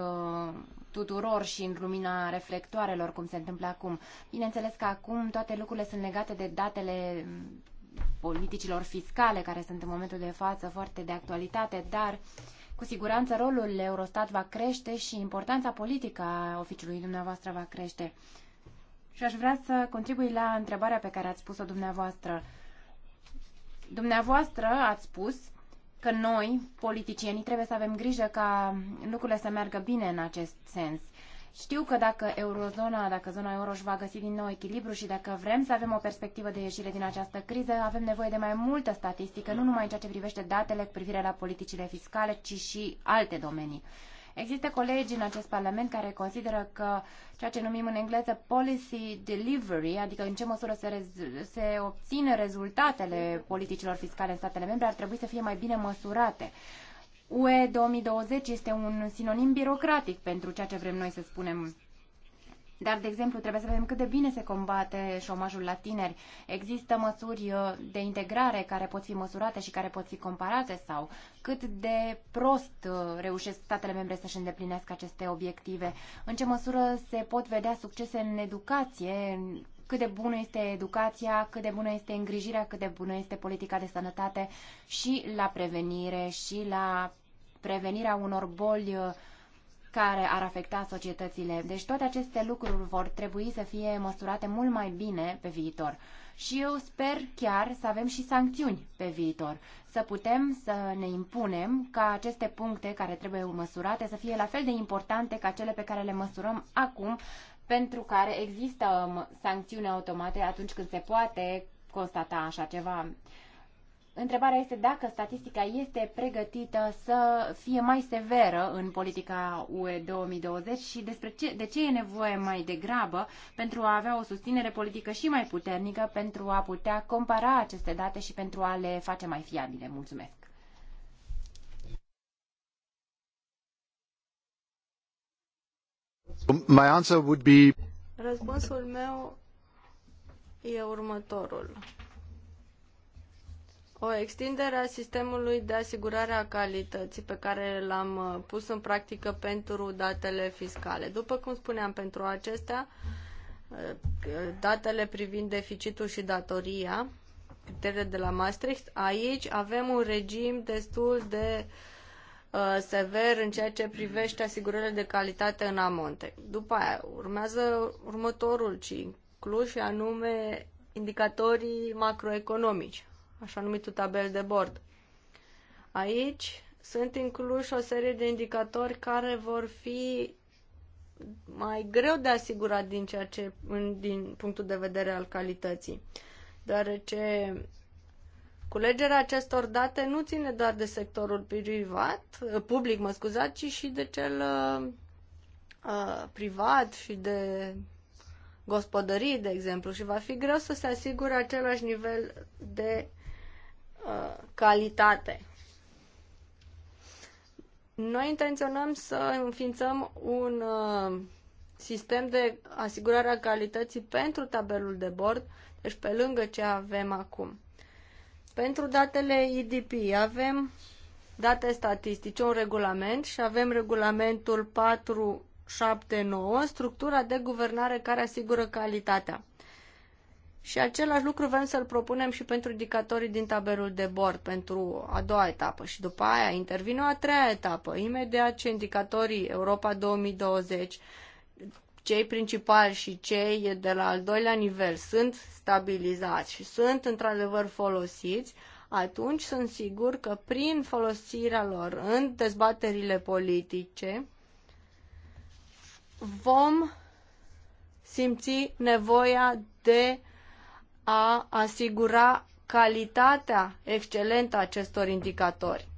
tuturor și în lumina reflectoarelor, cum se întâmplă acum. Bineînțeles că acum toate lucrurile sunt legate de datele politicilor fiscale care sunt în momentul de față foarte de actualitate, dar cu siguranță rolul Eurostat va crește și importanța politică a oficiului dumneavoastră va crește. Și aș vrea să contribui la întrebarea pe care ați spus-o dumneavoastră. Dumneavoastră ați spus că noi, politicienii, trebuie să avem grijă ca lucrurile să meargă bine în acest sens. Știu că dacă eurozona, dacă zona euro își va găsi din nou echilibru și dacă vrem să avem o perspectivă de ieșire din această criză, avem nevoie de mai multă statistică, nu numai în ceea ce privește datele cu privire la politicile fiscale, ci și alte domenii. Există colegi în acest Parlament care consideră că ceea ce numim în engleză policy delivery, adică în ce măsură se, se obțin rezultatele politicilor fiscale în statele membre, ar trebui să fie mai bine măsurate. UE 2020 este un sinonim birocratic pentru ceea ce vrem noi să spunem dar, de exemplu, trebuie să vedem cât de bine se combate șomajul la tineri. Există măsuri uh, de integrare care pot fi măsurate și care pot fi comparate sau cât de prost uh, reușesc statele membre să-și îndeplinească aceste obiective? În ce măsură se pot vedea succese în educație, cât de bună este educația, cât de bună este îngrijirea, cât de bună este politica de sănătate și la prevenire și la prevenirea unor boli uh, care ar afecta societățile. Deci toate aceste lucruri vor trebui să fie măsurate mult mai bine pe viitor. Și eu sper chiar să avem și sancțiuni pe viitor, să putem să ne impunem ca aceste puncte care trebuie măsurate să fie la fel de importante ca cele pe care le măsurăm acum, pentru care există um, sancțiuni automate atunci când se poate constata așa ceva. Întrebarea este dacă statistica este pregătită să fie mai severă în politica UE 2020 și despre ce, de ce e nevoie mai degrabă pentru a avea o susținere politică și mai puternică pentru a putea compara aceste date și pentru a le face mai fiabile. Mulțumesc! My answer would be... Răspunsul meu e următorul o extindere a sistemului de asigurare a calității pe care l-am uh, pus în practică pentru datele fiscale. După cum spuneam, pentru acestea, uh, datele privind deficitul și datoria, criteriile de la Maastricht, aici avem un regim destul de uh, sever în ceea ce privește asigurările de calitate în amonte. După aia urmează următorul ciclu și anume indicatorii macroeconomici așa numitul tabel de bord. Aici sunt incluși o serie de indicatori care vor fi mai greu de asigurat din, ceea ce, din punctul de vedere al calității, deoarece Culegerea acestor date nu ține doar de sectorul privat, public, mă scuzați, ci și de cel uh, privat și de gospodării, de exemplu, și va fi greu să se asigure același nivel de Uh, calitate. Noi intenționăm să înființăm un uh, sistem de asigurare a calității pentru tabelul de bord, deci pe lângă ce avem acum. Pentru datele IDP avem date statistice, un regulament și avem regulamentul 479, structura de guvernare care asigură calitatea. Și același lucru vrem să-l propunem și pentru indicatorii din tabelul de bord, pentru a doua etapă. Și după aia intervine o a treia etapă. Imediat ce indicatorii Europa 2020, cei principali și cei de la al doilea nivel sunt stabilizați și sunt într-adevăr folosiți, atunci sunt sigur că prin folosirea lor în dezbaterile politice vom simți nevoia de a asigura calitatea excelentă a acestor indicatori.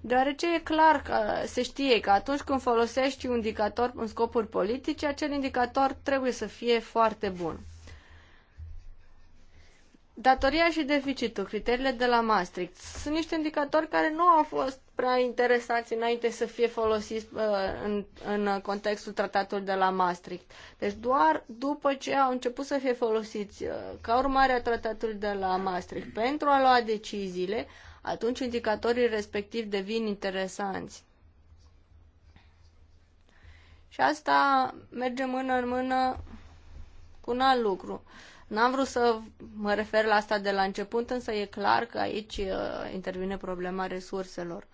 Deoarece e clar că se știe că atunci când folosești un indicator în scopuri politice, acel indicator trebuie să fie foarte bun. Datoria și deficitul, criteriile de la Maastricht, sunt niște indicatori care nu au fost prea interesați înainte să fie folosiți uh, în, în contextul tratatului de la Maastricht. Deci doar după ce au început să fie folosiți uh, ca urmare a tratatului de la Maastricht pentru a lua deciziile, atunci indicatorii respectivi devin interesanți. Și asta merge mână în mână cu un alt lucru. Uh, N-am vrut să mă refer la asta de la început, însă e clar că aici uh, intervine problema resurselor.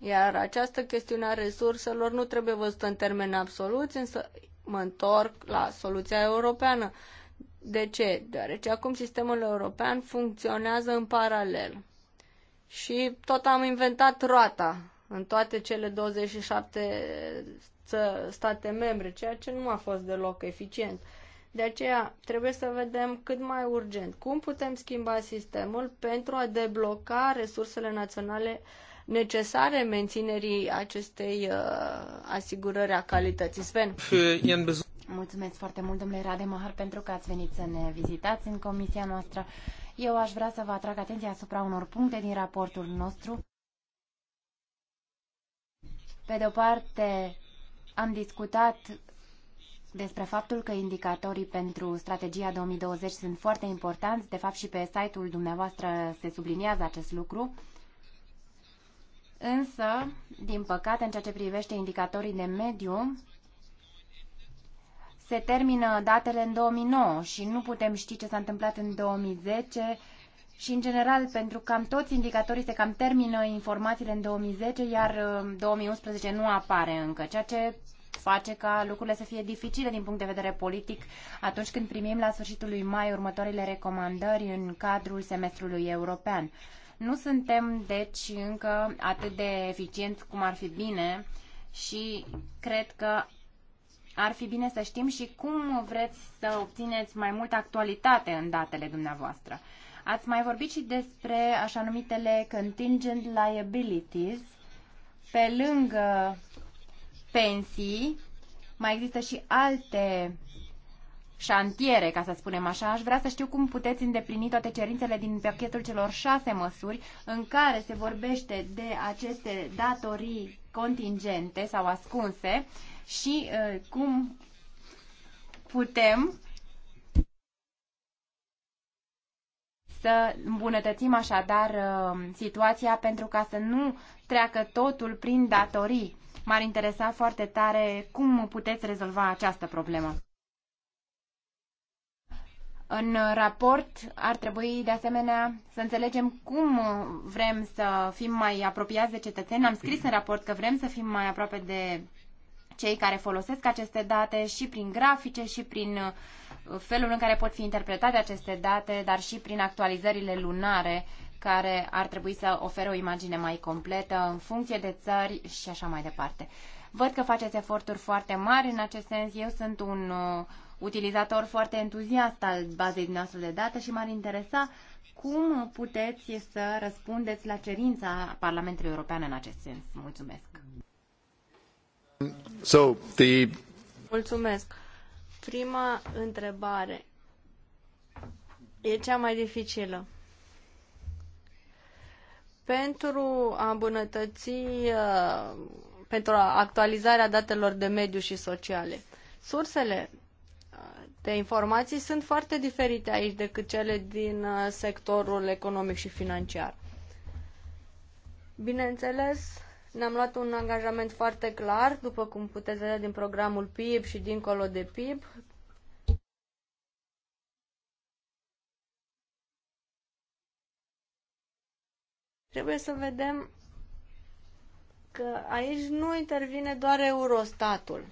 Iar această chestiune a resurselor nu trebuie văzută în termeni absoluți, însă mă întorc la soluția europeană. De ce? Deoarece acum sistemul european funcționează în paralel. Și tot am inventat roata în toate cele 27 state membre, ceea ce nu a fost deloc eficient. Uh, de aceea trebuie să vedem cât mai urgent cum putem schimba sistemul pentru a debloca resursele naționale necesare menținerii acestei uh, asigurări a calității. Sven. Mulțumesc foarte mult, domnule Rademahar, pentru că ați venit să ne vizitați în comisia noastră. Eu aș vrea să vă atrag atenția asupra unor puncte din raportul nostru. Pe de o parte, am discutat despre faptul că indicatorii pentru strategia 2020 sunt foarte importanți. De fapt, și pe site-ul dumneavoastră se subliniază acest lucru. Însă, din păcate, în ceea ce privește indicatorii de mediu, se termină datele în 2009 și nu putem ști ce s-a întâmplat în 2010 și, în general, pentru cam toți indicatorii se cam termină informațiile în 2010, iar 2011 uh, nu apare încă, ceea ce face ca lucrurile să fie dificile din punct de vedere politic atunci când primim la sfârșitul lui mai următoarele recomandări în cadrul semestrului european. Nu suntem, deci, încă atât de eficienți cum ar fi bine și cred că ar fi bine să știm și cum vreți să obțineți mai multă actualitate în datele dumneavoastră. Ați mai vorbit și despre așa numitele contingent liabilities, pe lângă pensii, mai există și alte șantiere, ca să spunem așa, aș vrea să știu cum puteți îndeplini toate cerințele din pachetul celor șase măsuri în care se vorbește de aceste datorii contingente sau ascunse și uh, cum putem să îmbunătățim așadar uh, situația pentru ca să nu treacă totul prin datorii M-ar interesa foarte tare cum puteți rezolva această problemă. În raport ar trebui de asemenea să înțelegem cum vrem să fim mai apropiați de cetățeni. Am scris în raport că vrem să fim mai aproape de cei care folosesc aceste date și prin grafice și prin uh, felul în care pot fi interpretate aceste date, dar și prin actualizările lunare uh, care ar trebui să ofere o imagine mai completă în funcție de țări și așa mai departe. Văd că faceți eforturi foarte mari în acest sens. Eu sunt un uh, utilizator foarte entuziast al bazei noastre de date și m-ar interesa cum puteți să răspundeți la cerința Parlamentului European în acest sens. Mulțumesc. So, the... Mulțumesc. Prima întrebare e cea mai dificilă pentru a îmbunătăți, uh, pentru actualizarea datelor de mediu și sociale. Sursele uh, de informații sunt foarte diferite aici decât cele din uh, sectorul economic și financiar. Bineînțeles, ne-am luat un angajament foarte clar, după cum puteți vedea din programul PIB și dincolo de PIB, Trebuie să vedem că aici nu intervine doar Eurostatul.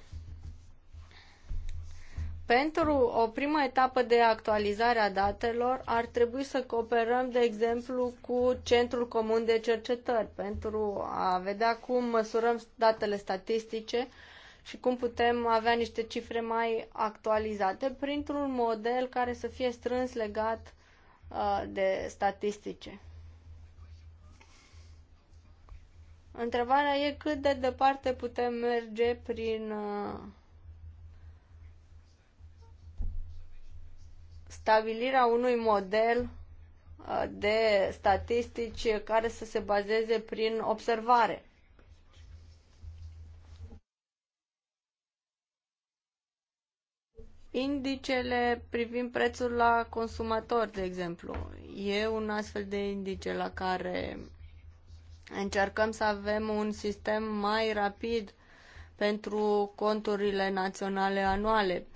Pentru o primă etapă de actualizare a datelor ar trebui să cooperăm, de exemplu, cu Centrul Comun de Cercetări pentru a vedea cum măsurăm datele statistice și cum putem avea niște cifre mai actualizate printr-un model care să fie strâns legat uh, de statistice. Întrebarea e cât de departe putem merge prin uh, stabilirea unui model uh, de statistici care să se bazeze prin observare. Indicele privind prețul la consumator, de exemplu, e un astfel de indice la care Încercăm să avem un sistem mai rapid pentru conturile naționale anuale.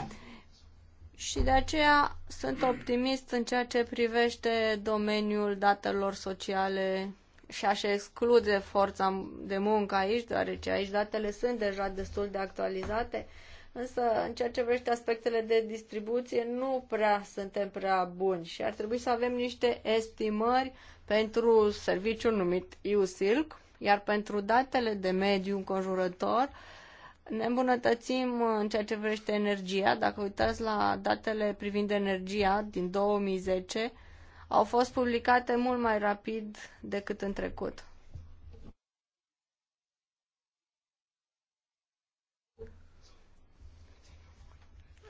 Și de aceea sunt optimist în ceea ce privește domeniul datelor sociale și aș exclude forța de muncă aici, deoarece aici datele sunt deja destul de actualizate, însă în ceea ce privește aspectele de distribuție nu prea suntem prea buni și ar trebui să avem niște estimări pentru serviciul numit EUSILC, iar pentru datele de mediu înconjurător ne îmbunătățim în ceea ce vrește energia. Dacă uitați la datele privind energia din 2010, au fost publicate mult mai rapid decât în trecut.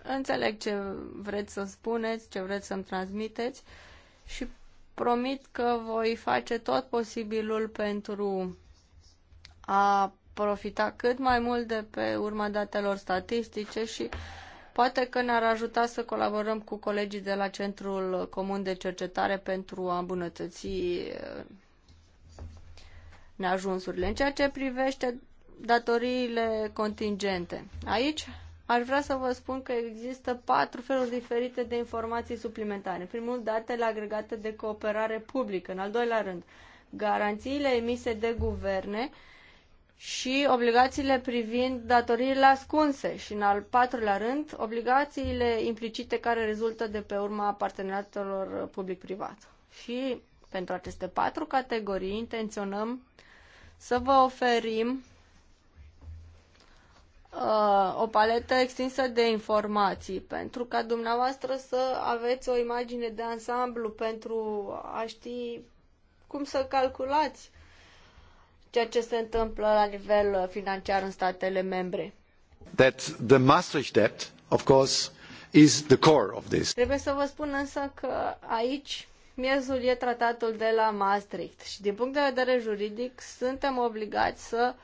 Înțeleg ce vreți să spuneți, ce vreți să-mi transmiteți și promit că voi face tot posibilul pentru a profita cât mai mult de pe urma datelor statistice și poate că ne-ar ajuta să colaborăm cu colegii de la Centrul Comun de Cercetare pentru a îmbunătăți eh, neajunsurile. În ceea ce privește datoriile contingente, aici Aș vrea să vă spun că există patru feluri diferite de informații suplimentare. În primul datele agregate de cooperare publică. În al doilea rând, garanțiile emise de guverne și obligațiile privind datoriile ascunse și, în al patrulea rând, obligațiile implicite care rezultă de pe urma parteneriatelor public-privat. Și pentru aceste patru categorii intenționăm să vă oferim uh, o paletă extinsă de informații pentru ca dumneavoastră să aveți o imagine de ansamblu pentru a ști cum să calculați ceea ce se întâmplă la nivel financiar în statele membre. That the Maastricht debt, of course, is the core of this. Trebuie să vă spun însă că aici miezul e tratatul de la Maastricht și din punct de vedere juridic suntem obligați să uh,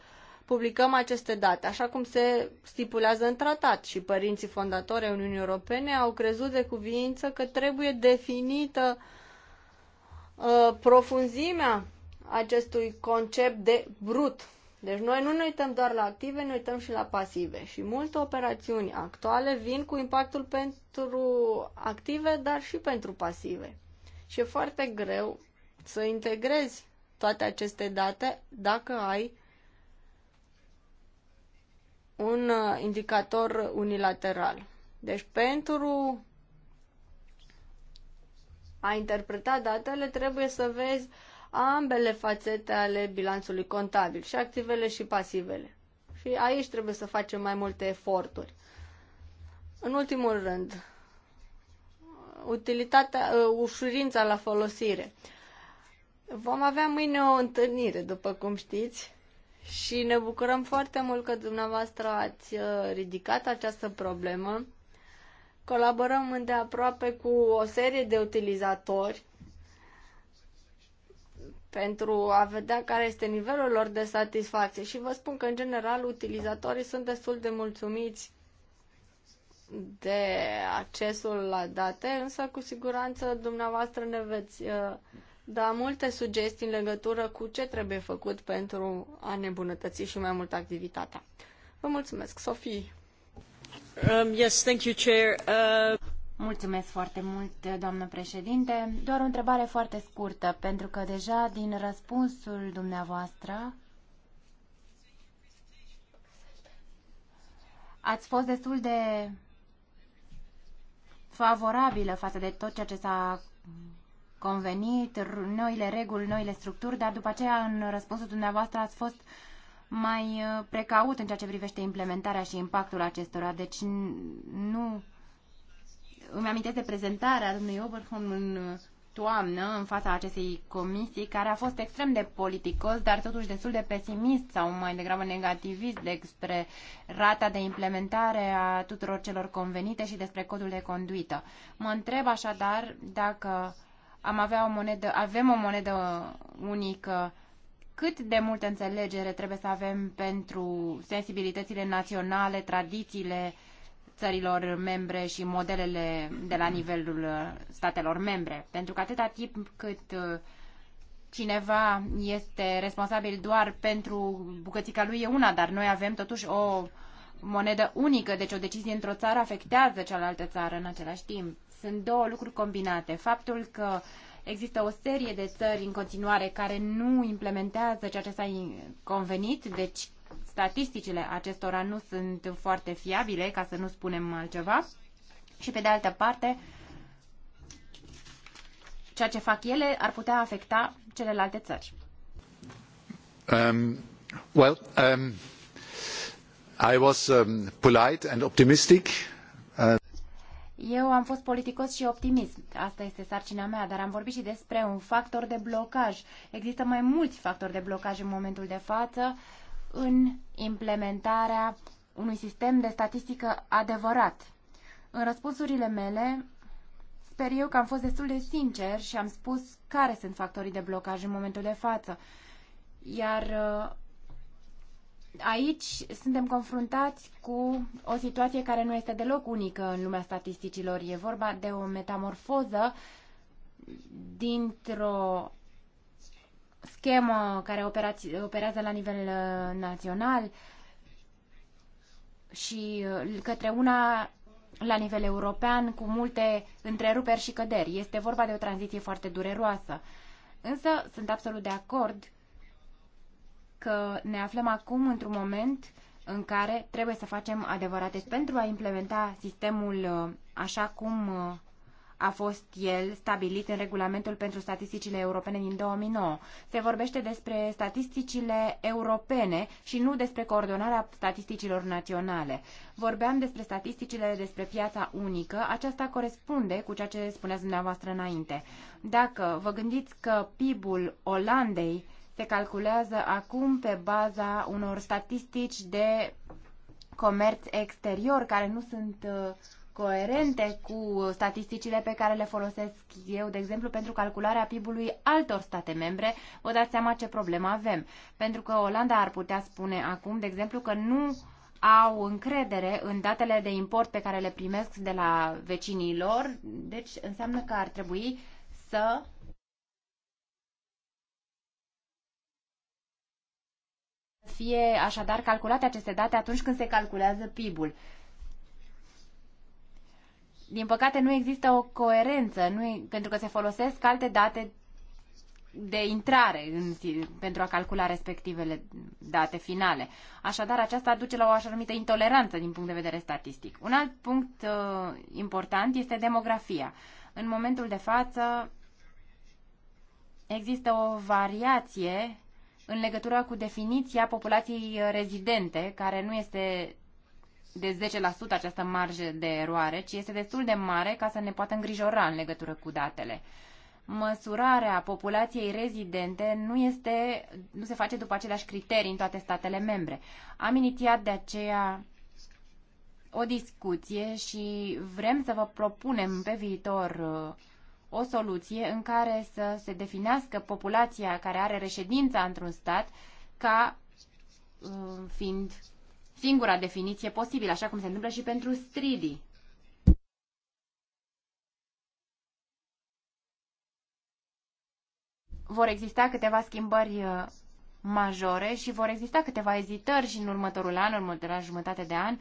publicăm aceste date, așa cum se stipulează în tratat. Și părinții fondatori ai Uniunii Europene au crezut de cuvință că trebuie definită uh, profunzimea acestui concept de brut. Deci noi nu ne uităm doar la active, ne uităm și la pasive. Și multe operațiuni actuale vin cu impactul pentru active, dar și pentru pasive. Și e foarte greu să integrezi toate aceste date dacă ai un uh, indicator unilateral. Deci pentru a interpreta datele trebuie să vezi ambele fațete ale bilanțului contabil, și activele și pasivele. Și aici trebuie să facem mai multe eforturi. În ultimul rând, utilitatea, uh, ușurința la folosire. Vom avea mâine o întâlnire, după cum știți, și ne bucurăm foarte mult că dumneavoastră ați uh, ridicat această problemă. Colaborăm îndeaproape cu o serie de utilizatori pentru a vedea care este nivelul lor de satisfacție și vă spun că, în general, utilizatorii sunt destul de mulțumiți de accesul la date, însă cu siguranță dumneavoastră ne veți uh, da multe sugestii în legătură cu ce trebuie făcut pentru a ne îmbunătăți și mai mult activitatea. Vă mulțumesc, Sofie. Um, yes, thank you, Chair. Uh... Mulțumesc foarte mult, doamnă președinte. Doar o întrebare foarte scurtă, pentru că deja din răspunsul dumneavoastră ați fost destul de favorabilă față de tot ceea ce s-a convenit, noile reguli, noile structuri, dar după aceea în răspunsul dumneavoastră ați fost mai uh, precaut în ceea ce privește implementarea și impactul acestora. Deci nu... Îmi amintesc de prezentarea domnului Oberholm în uh, toamnă în fața acestei comisii, care a fost extrem de politicos, dar totuși destul de pesimist sau mai degrabă negativist despre rata de implementare a tuturor celor convenite și despre codul de conduită. Mă întreb așadar dacă am avea o monedă, avem o monedă unică, cât de multă înțelegere trebuie să avem pentru sensibilitățile naționale, tradițiile țărilor membre și modelele de la nivelul uh, statelor membre. Pentru că atâta timp cât uh, cineva este responsabil doar pentru bucățica lui e una, dar noi avem totuși o monedă unică, deci o decizie într-o țară afectează cealaltă țară în același timp sunt două lucruri combinate. Faptul că există o serie de țări în continuare care nu implementează ceea ce s-a convenit, deci statisticile acestora nu sunt foarte fiabile, ca să nu spunem altceva. Și pe de altă parte, ceea ce fac ele ar putea afecta celelalte țări. Um, well, um, I was um, polite and optimistic eu am fost politicos și optimist, asta este sarcina mea, dar am vorbit și despre un factor de blocaj. Există mai mulți factori de blocaj în momentul de față în implementarea unui sistem de statistică adevărat. În răspunsurile mele, sper eu că am fost destul de sincer și am spus care sunt factorii de blocaj în momentul de față. Iar uh, Aici suntem confruntați cu o situație care nu este deloc unică în lumea statisticilor. E vorba de o metamorfoză dintr-o schemă care operează la nivel uh, național și uh, către una la nivel european cu multe întreruperi și căderi. Este vorba de o tranziție foarte dureroasă. Însă sunt absolut de acord că ne aflăm acum într-un moment în care trebuie să facem adevărate deci, pentru a implementa sistemul uh, așa cum uh, a fost el stabilit în regulamentul pentru statisticile europene din 2009. Se vorbește despre statisticile europene și nu despre coordonarea statisticilor naționale. Vorbeam despre statisticile despre piața unică, aceasta corespunde cu ceea ce spuneați dumneavoastră înainte. Dacă vă gândiți că PIB-ul Olandei se calculează acum pe baza unor statistici de comerț exterior care nu sunt uh, coerente cu statisticile pe care le folosesc eu, de exemplu, pentru calcularea PIB-ului altor state membre, vă dați seama ce problemă avem. Pentru că Olanda ar putea spune acum, de exemplu, că nu au încredere în datele de import pe care le primesc de la vecinii lor, deci înseamnă că ar trebui să fie așadar calculate aceste date atunci când se calculează PIB-ul. Din păcate nu există o coerență, nu, pentru că se folosesc alte date de intrare în, pentru a calcula respectivele date finale. Așadar, aceasta duce la o așa numită intoleranță din punct de vedere statistic. Un alt punct uh, important este demografia. În momentul de față există o variație în legătură cu definiția populației rezidente, care nu este de 10% această marjă de eroare, ci este destul de mare ca să ne poată îngrijora în legătură cu datele. Măsurarea populației rezidente nu, este, nu se face după aceleași criterii în toate statele membre. Am inițiat de aceea o discuție și vrem să vă propunem pe viitor uh, o soluție în care să se definească populația care are reședința într-un stat ca uh, fiind singura definiție posibilă, așa cum se întâmplă și pentru stridii. Vor exista câteva schimbări uh, majore și vor exista câteva ezitări și în următorul an, în următoarea jumătate de an,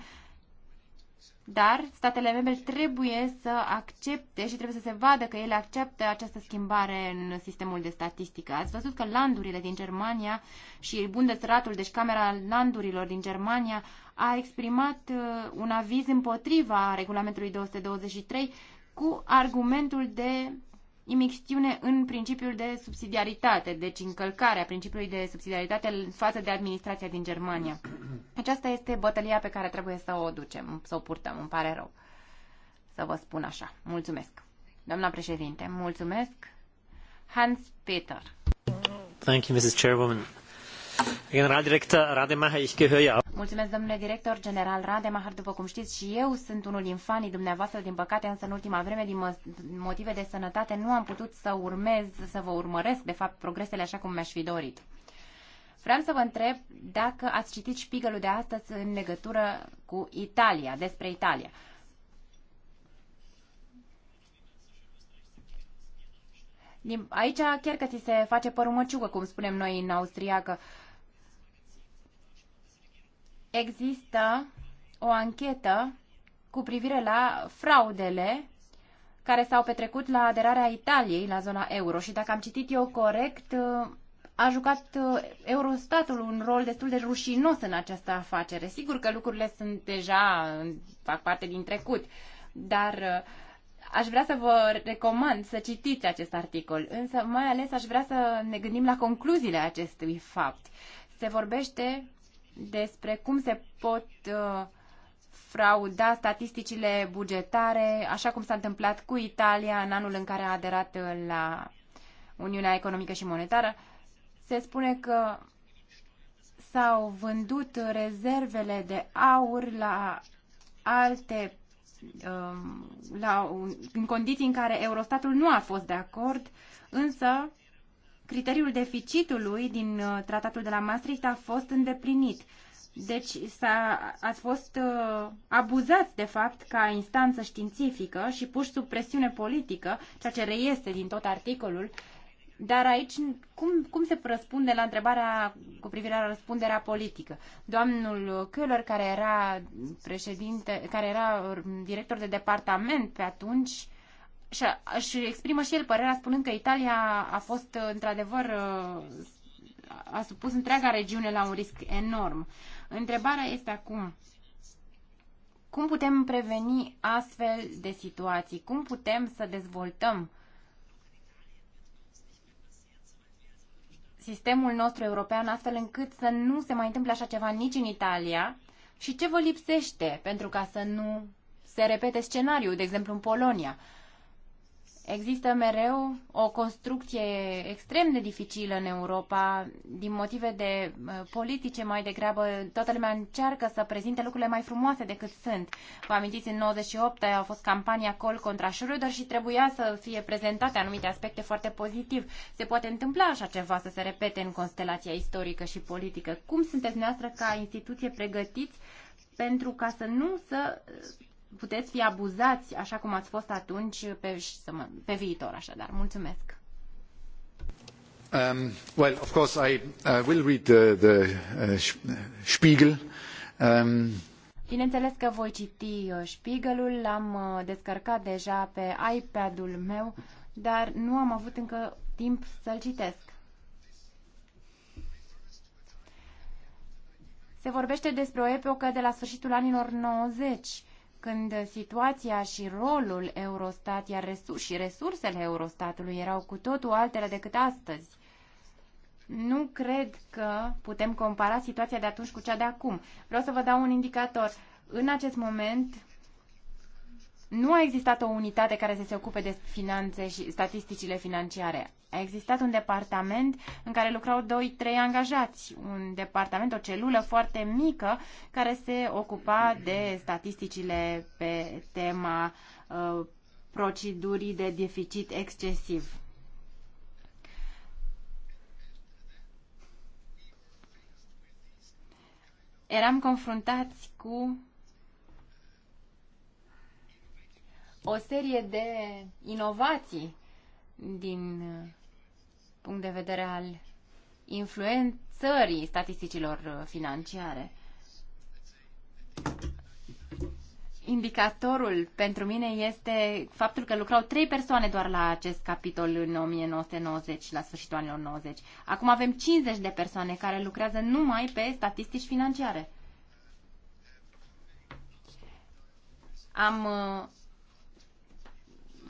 dar statele membre trebuie să accepte și trebuie să se vadă că ele acceptă această schimbare în sistemul de statistică. Ați văzut că landurile din Germania și Bundesratul, deci Camera Landurilor din Germania, a exprimat uh, un aviz împotriva regulamentului 223 cu argumentul de imixtiune în principiul de subsidiaritate, deci încălcarea principiului de subsidiaritate față de administrația din Germania. Aceasta este bătălia pe care trebuie să o ducem, să o purtăm, îmi pare rău. Să vă spun așa. Mulțumesc. Doamna președinte, mulțumesc. Hans Peter. Thank you, Mrs. Chairwoman. Rademacher, Mulțumesc, domnule director general Rademacher. După cum știți și eu sunt unul din fanii dumneavoastră, din păcate, însă în ultima vreme, din motive de sănătate, nu am putut să urmez, să vă urmăresc, de fapt, progresele așa cum mi-aș fi dorit. Vreau să vă întreb dacă ați citit Spiegelul de astăzi în legătură cu Italia, despre Italia. aici chiar că ți se face părul măciugă, cum spunem noi în austriacă. Uh, există o anchetă cu privire la fraudele care s-au petrecut la aderarea Italiei la zona euro și dacă am citit eu corect, a jucat uh, Eurostatul un rol destul de rușinos în această afacere. Sigur că lucrurile sunt deja, fac parte din trecut, dar uh, aș vrea să vă recomand să citiți acest articol, însă mai ales aș vrea să ne gândim la concluziile acestui fapt. Se vorbește despre cum se pot uh, frauda statisticile bugetare, așa cum s-a întâmplat cu Italia în anul în care a aderat uh, la Uniunea Economică și Monetară. Se spune că s-au vândut rezervele de aur la alte um, la, în condiții în care Eurostatul nu a fost de acord, însă criteriul deficitului din uh, tratatul de la Maastricht a fost îndeplinit. Deci s-a, ați fost uh, abuzați, de fapt, ca instanță științifică și puși sub presiune politică, ceea ce reiese din tot articolul. Dar aici, cum, cum se răspunde la întrebarea cu privire la răspunderea politică? Doamnul Köhler, care era președinte, care era uh, director de departament pe atunci, și, și exprimă și el părerea spunând că Italia a fost uh, într-adevăr uh, a supus întreaga regiune la un risc enorm. Întrebarea este acum cum putem preveni astfel de situații? Cum putem să dezvoltăm sistemul nostru european astfel încât să nu se mai întâmple așa ceva nici în Italia? Și ce vă lipsește pentru ca să nu se repete scenariul, de exemplu în Polonia? Există mereu o construcție extrem de dificilă în Europa, din motive de uh, politice mai degrabă, toată lumea încearcă să prezinte lucrurile mai frumoase decât sunt. Vă amintiți, în 98 a fost campania Col contra Schröder și trebuia să fie prezentate anumite aspecte foarte pozitiv. Se poate întâmpla așa ceva să se repete în constelația istorică și politică. Cum sunteți noastră ca instituție pregătiți pentru ca să nu să puteți fi abuzați așa cum ați fost atunci pe, pe viitor, așadar. Mulțumesc. Um, well, of course, I, I will read the, the uh, uh Spiegel. Um, Bineînțeles că voi citi uh, Spiegelul, l-am uh, descărcat deja pe iPad-ul meu, dar nu am avut încă timp să-l citesc. Se vorbește despre o epocă de la sfârșitul anilor 90 când situația și rolul Eurostat iar resurs, și resursele Eurostatului erau cu totul altele decât astăzi. Nu cred că putem compara situația de atunci cu cea de acum. Vreau să vă dau un indicator. În acest moment, nu a existat o unitate care să se ocupe de finanțe și statisticile financiare. A existat un departament în care lucrau 2-3 angajați, un departament, o celulă foarte mică care se ocupa de statisticile pe tema uh, procedurii de deficit excesiv. Eram confruntați cu o serie de inovații din punct de vedere al influențării statisticilor financiare. Indicatorul pentru mine este faptul că lucrau trei persoane doar la acest capitol în 1990, la sfârșitul anilor 90. Acum avem 50 de persoane care lucrează numai pe statistici financiare. Am uh,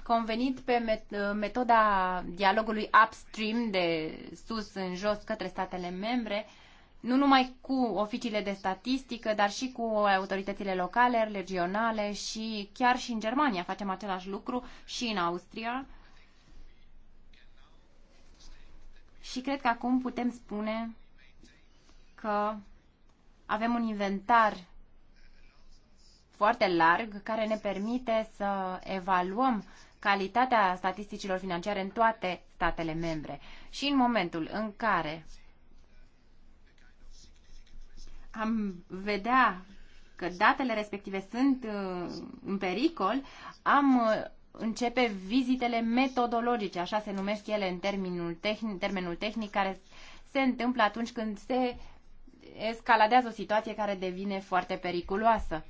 convenit pe metoda dialogului upstream de sus în jos către statele membre, nu numai cu oficiile de statistică, dar și cu autoritățile locale, regionale și chiar și în Germania facem același lucru și în Austria. Și cred că acum putem spune că avem un inventar foarte larg care ne permite să evaluăm calitatea statisticilor financiare în toate statele membre. Și în momentul în care am vedea că datele respective sunt uh, în pericol, am uh, începe vizitele metodologice, așa se numesc ele în termenul tehnic, termenul tehnic care se întâmplă atunci când se escaladează o situație care devine foarte periculoasă.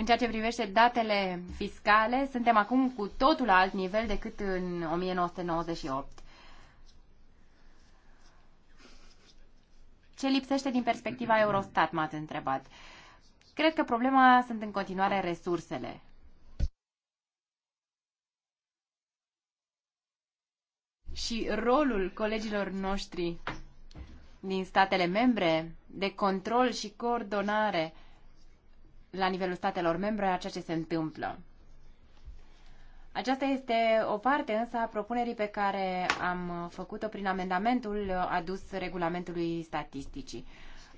În ceea ce privește datele fiscale, suntem acum cu totul la alt nivel decât în 1998. Ce lipsește din perspectiva Eurostat, m-ați întrebat. Cred că problema sunt în continuare resursele. Și rolul colegilor noștri din statele membre de control și coordonare la nivelul statelor membre a ceea ce se întâmplă. Aceasta este o parte însă a propunerii pe care am făcut-o prin amendamentul adus regulamentului statisticii.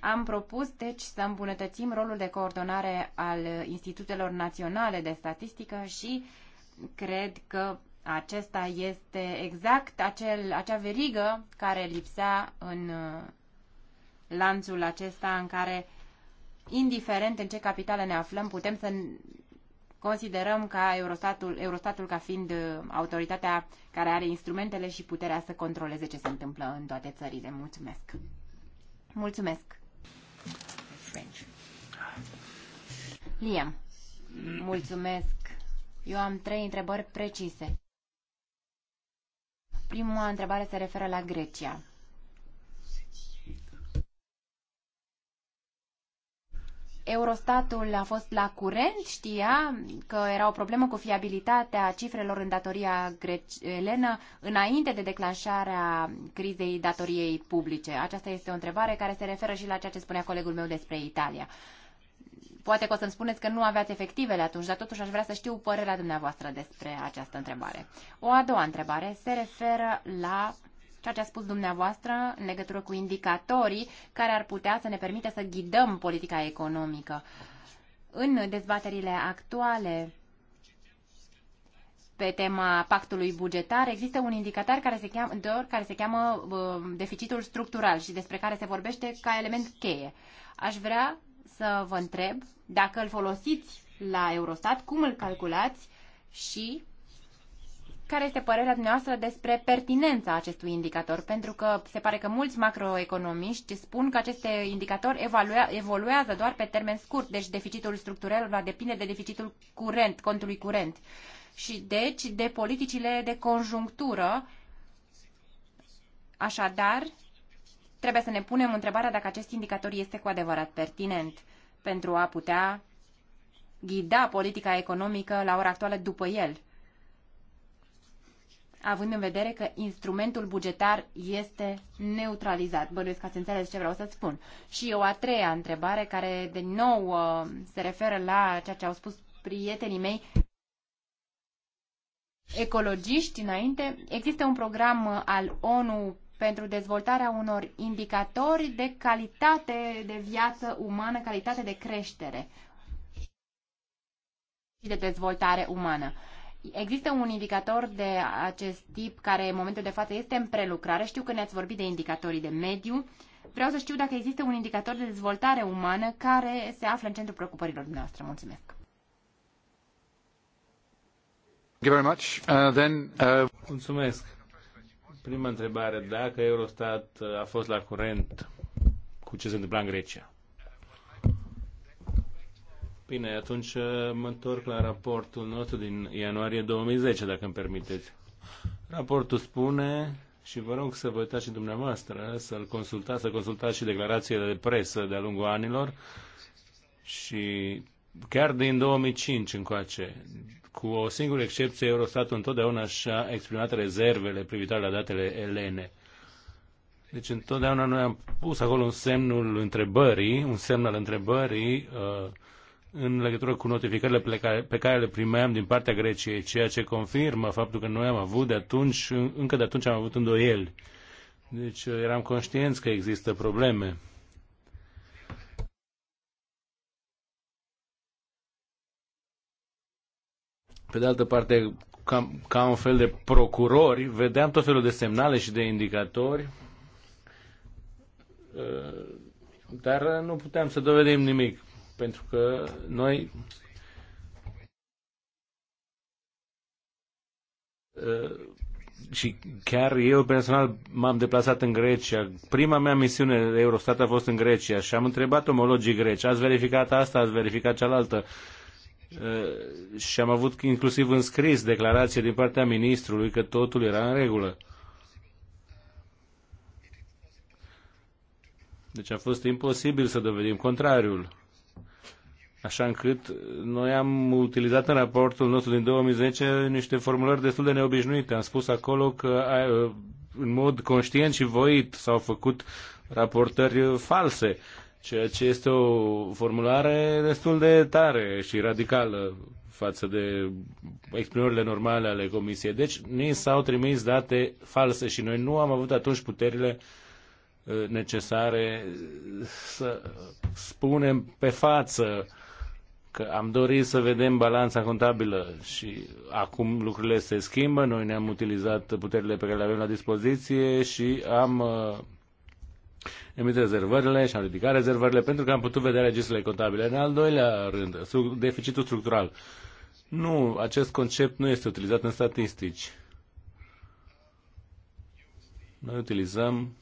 Am propus, deci, să îmbunătățim rolul de coordonare al institutelor naționale de statistică și cred că acesta este exact acel, acea verigă care lipsea în uh, lanțul acesta în care uh, indiferent în ce capitală ne aflăm, putem să considerăm ca Eurostatul, Eurostatul ca fiind uh, autoritatea care are instrumentele și puterea să controleze ce se întâmplă în toate țările. Mulțumesc! Mulțumesc! French. Liam, mulțumesc! Eu am trei întrebări precise. Prima întrebare se referă la Grecia. Eurostatul a fost la curent, știa că era o problemă cu fiabilitatea cifrelor în datoria elenă înainte de declanșarea crizei datoriei publice. Aceasta este o întrebare care se referă și la ceea ce spunea colegul meu despre Italia. Poate că o să-mi spuneți că nu aveați efectivele atunci, dar totuși aș vrea să știu părerea dumneavoastră despre această întrebare. O a doua întrebare se referă la ceea ce a spus dumneavoastră în legătură cu indicatorii care ar putea să ne permită să ghidăm politica economică. În dezbaterile actuale pe tema pactului bugetar, există un indicator care se cheamă, DOR, care se cheamă uh, deficitul structural și despre care se vorbește ca element cheie. Aș vrea să vă întreb dacă îl folosiți la Eurostat, cum îl calculați și care este părerea dumneavoastră despre pertinența acestui indicator? Pentru că se pare că mulți macroeconomiști spun că aceste indicatori evoluează doar pe termen scurt, deci deficitul structural va depinde de deficitul curent, contului curent. Și deci de politicile de conjunctură. Așadar, trebuie să ne punem întrebarea dacă acest indicator este cu adevărat pertinent pentru a putea ghida politica economică la ora actuală după el având în vedere că instrumentul bugetar este neutralizat. Bănuiesc că ați înțeles ce vreau să spun. Și o a treia întrebare, care de nou uh, se referă la ceea ce au spus prietenii mei ecologiști înainte, există un program uh, al ONU pentru dezvoltarea unor indicatori de calitate de viață umană, calitate de creștere și de dezvoltare umană. Există un indicator de acest tip care în momentul de față este în prelucrare. Știu că ne-ați vorbit de indicatorii de mediu. Vreau să știu dacă există un indicator de dezvoltare umană care se află în centrul preocupărilor noastre. Mulțumesc. Uh, uh, Mulțumesc. Prima întrebare, dacă Eurostat uh, a fost la curent cu ce se întâmplă în Grecia? Bine, atunci uh, mă întorc la raportul nostru din ianuarie 2010, dacă îmi permiteți. Raportul spune, și vă rog să vă uitați și dumneavoastră, să-l consultați, să consultați și declarațiile de presă de-a lungul anilor și chiar din 2005 încoace, cu o singură excepție, Eurostatul întotdeauna și-a exprimat rezervele privitoare la datele elene. Deci întotdeauna noi am pus acolo un semnul întrebării, un semn al întrebării uh, în legătură cu notificările pe care, pe care le primeam din partea Greciei, ceea ce confirmă faptul că noi am avut de atunci, încă de atunci am avut îndoieli. Deci uh, eram conștienți că există probleme. Pe de altă parte, ca, ca un fel de procurori, vedeam tot felul de semnale și de indicatori, uh, dar nu puteam să dovedim nimic pentru că noi uh, și chiar eu personal m-am deplasat în Grecia. Prima mea misiune Eurostat a fost în Grecia și am întrebat omologii greci, ați verificat asta, ați verificat cealaltă. Uh, și am avut inclusiv în scris declarație din partea ministrului că totul era în regulă. Deci a fost imposibil să dovedim contrariul. Așa încât noi am utilizat în raportul nostru din 2010 niște formulări destul de neobișnuite. Am spus acolo că în mod conștient și voit s-au făcut raportări false, ceea ce este o formulare destul de tare și radicală față de exprimările normale ale Comisiei. Deci ni s-au trimis date false și noi nu am avut atunci puterile necesare să spunem pe față că am dorit să vedem balanța contabilă și acum lucrurile se schimbă, noi ne-am utilizat puterile pe care le avem la dispoziție și am uh, emis rezervările și am ridicat rezervările pentru că am putut vedea registrele contabile. În al doilea rând, deficitul structural. Nu, acest concept nu este utilizat în statistici. Noi utilizăm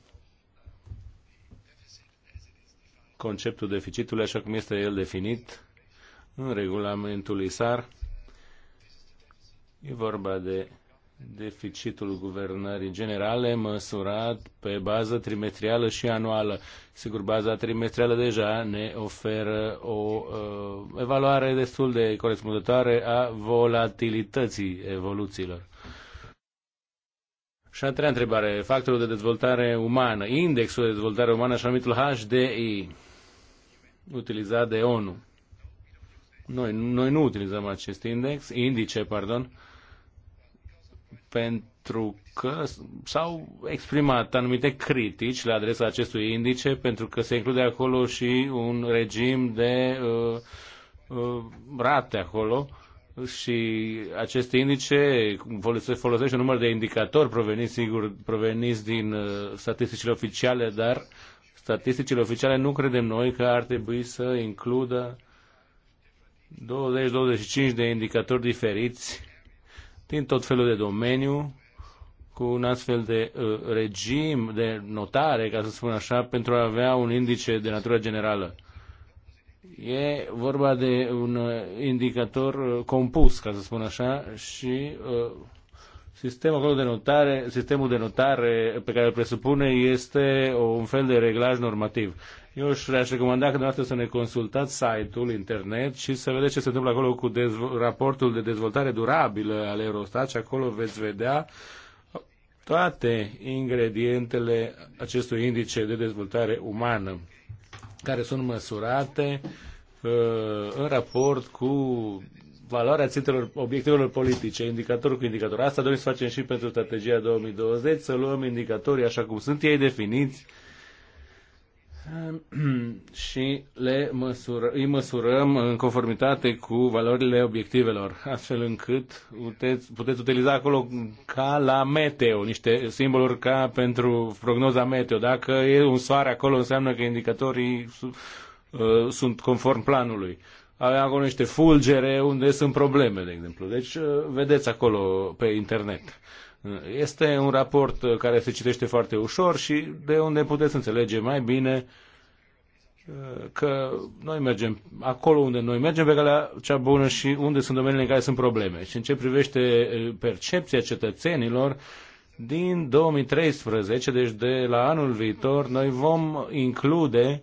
conceptul deficitului așa cum este el definit în regulamentul ISAR. E vorba de deficitul guvernării generale măsurat pe bază trimestrială și anuală. Sigur, baza trimestrială deja ne oferă o uh, evaluare destul de corespunzătoare a volatilității evoluțiilor. Și a treia întrebare, factorul de dezvoltare umană, indexul de dezvoltare umană, așa numitul HDI, utilizat de ONU noi, noi nu utilizăm acest index, indice, pardon, pentru că s-au exprimat anumite critici la adresa acestui indice, pentru că se include acolo și un regim de uh, uh, rate acolo și acest indice se folosește un număr de indicatori proveniți, sigur, proveniți din uh, statisticile oficiale, dar statisticile oficiale nu credem noi că ar trebui să includă uh, 20-25 de indicatori diferiți din tot felul de domeniu cu un astfel de uh, regim de notare, ca să spun așa, pentru a avea un indice de natură generală. E vorba de un uh, indicator uh, compus, ca să spun așa, și uh, sistemul acolo de notare, sistemul de notare pe care îl presupune este un fel de reglaj normativ. Eu își le-aș recomanda că dumneavoastră să ne consultați site-ul internet și să vedeți ce se întâmplă acolo cu raportul de dezvoltare durabilă al Eurostat și acolo veți vedea toate ingredientele acestui indice de dezvoltare umană care sunt măsurate uh, în raport cu valoarea țintelor, obiectivelor politice, indicator cu indicator. Asta dorim să facem și pentru strategia 2020, să luăm indicatorii așa cum sunt ei definiți și le măsură, îi măsurăm în conformitate cu valorile obiectivelor, astfel încât puteți, puteți utiliza acolo ca la meteo, niște simboluri ca pentru prognoza meteo. Dacă e un soare acolo, înseamnă că indicatorii uh, sunt conform planului. Avem acolo niște fulgere unde sunt probleme, de exemplu. Deci, uh, vedeți acolo pe internet este un raport uh, care se citește foarte ușor și de unde puteți înțelege mai bine uh, că noi mergem acolo unde noi mergem pe calea cea bună și unde sunt domeniile în care sunt probleme. Și în ce privește uh, percepția cetățenilor, din 2013, deci de la anul viitor, noi vom include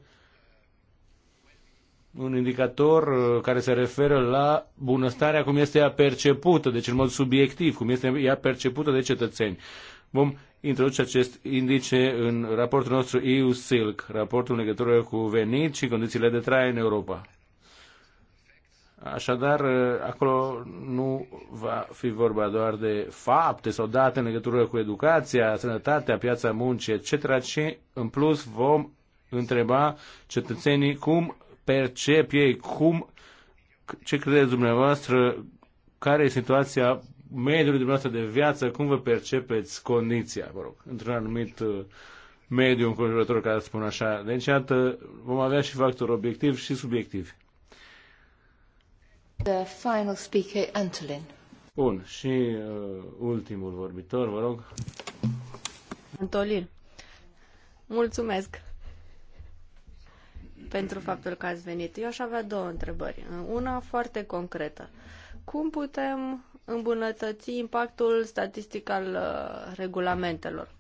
un indicator uh, care se referă la bunăstarea cum este ea percepută, deci în mod subiectiv, cum este ea percepută de cetățeni. Vom introduce acest indice în raportul nostru EU-SILC, raportul în legătură cu venit și condițiile de trai în Europa. Așadar, uh, acolo nu va fi vorba doar de fapte sau date în legătură cu educația, sănătatea, piața muncii, etc., ci în plus vom întreba cetățenii cum percep ei? Cum, ce credeți dumneavoastră? Care e situația mediului dumneavoastră de viață? Cum vă percepeți condiția, vă rog, într-un anumit uh, mediu înconjurător, ca să spun așa. Deci, iată, vom avea și factori obiectivi și subiectivi. The final speaker, Antolin. Bun, și uh, ultimul vorbitor, vă rog. Antolin. Mulțumesc pentru faptul că ați venit. Eu aș avea două întrebări. Una foarte concretă. Cum putem îmbunătăți impactul statistic al uh, regulamentelor?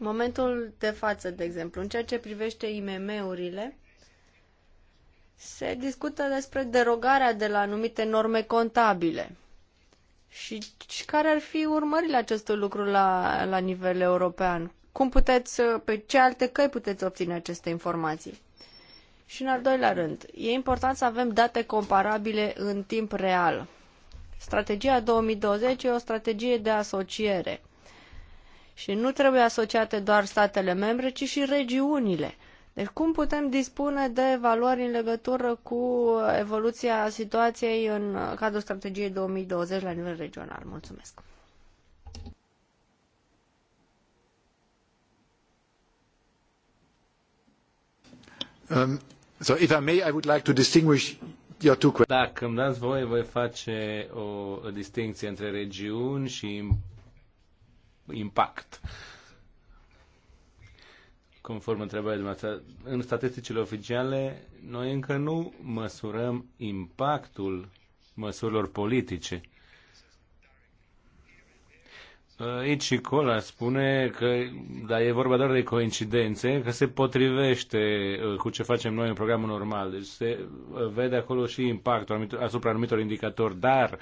momentul de față, de exemplu, în ceea ce privește IMM-urile, se discută despre derogarea de la anumite norme contabile. Și care ar fi urmările acestui lucru la, la nivel european? Cum puteți, pe ce alte căi puteți obține aceste informații? Și în al doilea rând, e important să avem date comparabile în timp real. Strategia 2020 e o strategie de asociere și nu trebuie asociate doar statele membre, ci și regiunile. Deci cum putem dispune de valori în legătură cu evoluția situației în cadrul strategiei 2020 la nivel regional? Mulțumesc! Um. So if I may, I would like to distinguish your two questions. Dacă îmi dați voie, voi face o distinție între regiuni și impact. Conform întrebării dumneavoastră, în statisticile oficiale, noi încă nu măsurăm impactul măsurilor politice Aici Cola spune că, dar e vorba doar de coincidențe, că se potrivește uh, cu ce facem noi în programul normal. Deci se uh, vede acolo și impactul asupra anumitor indicatori, dar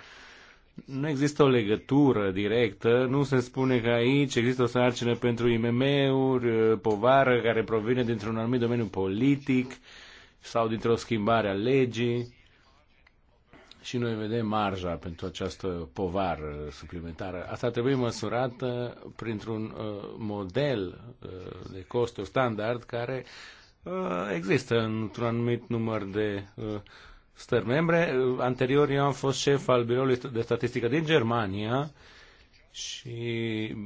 nu există o legătură directă, nu se spune că aici există o sarcină pentru IMM-uri, uh, povară care provine dintr-un anumit domeniu politic sau dintr-o schimbare a legii și noi vedem marja pentru această povară suplimentară. Asta trebuie măsurată printr-un uh, model uh, de costuri standard care uh, există într-un anumit număr de stări membre. Anterior eu am fost șef al Biroului de Statistică din Germania și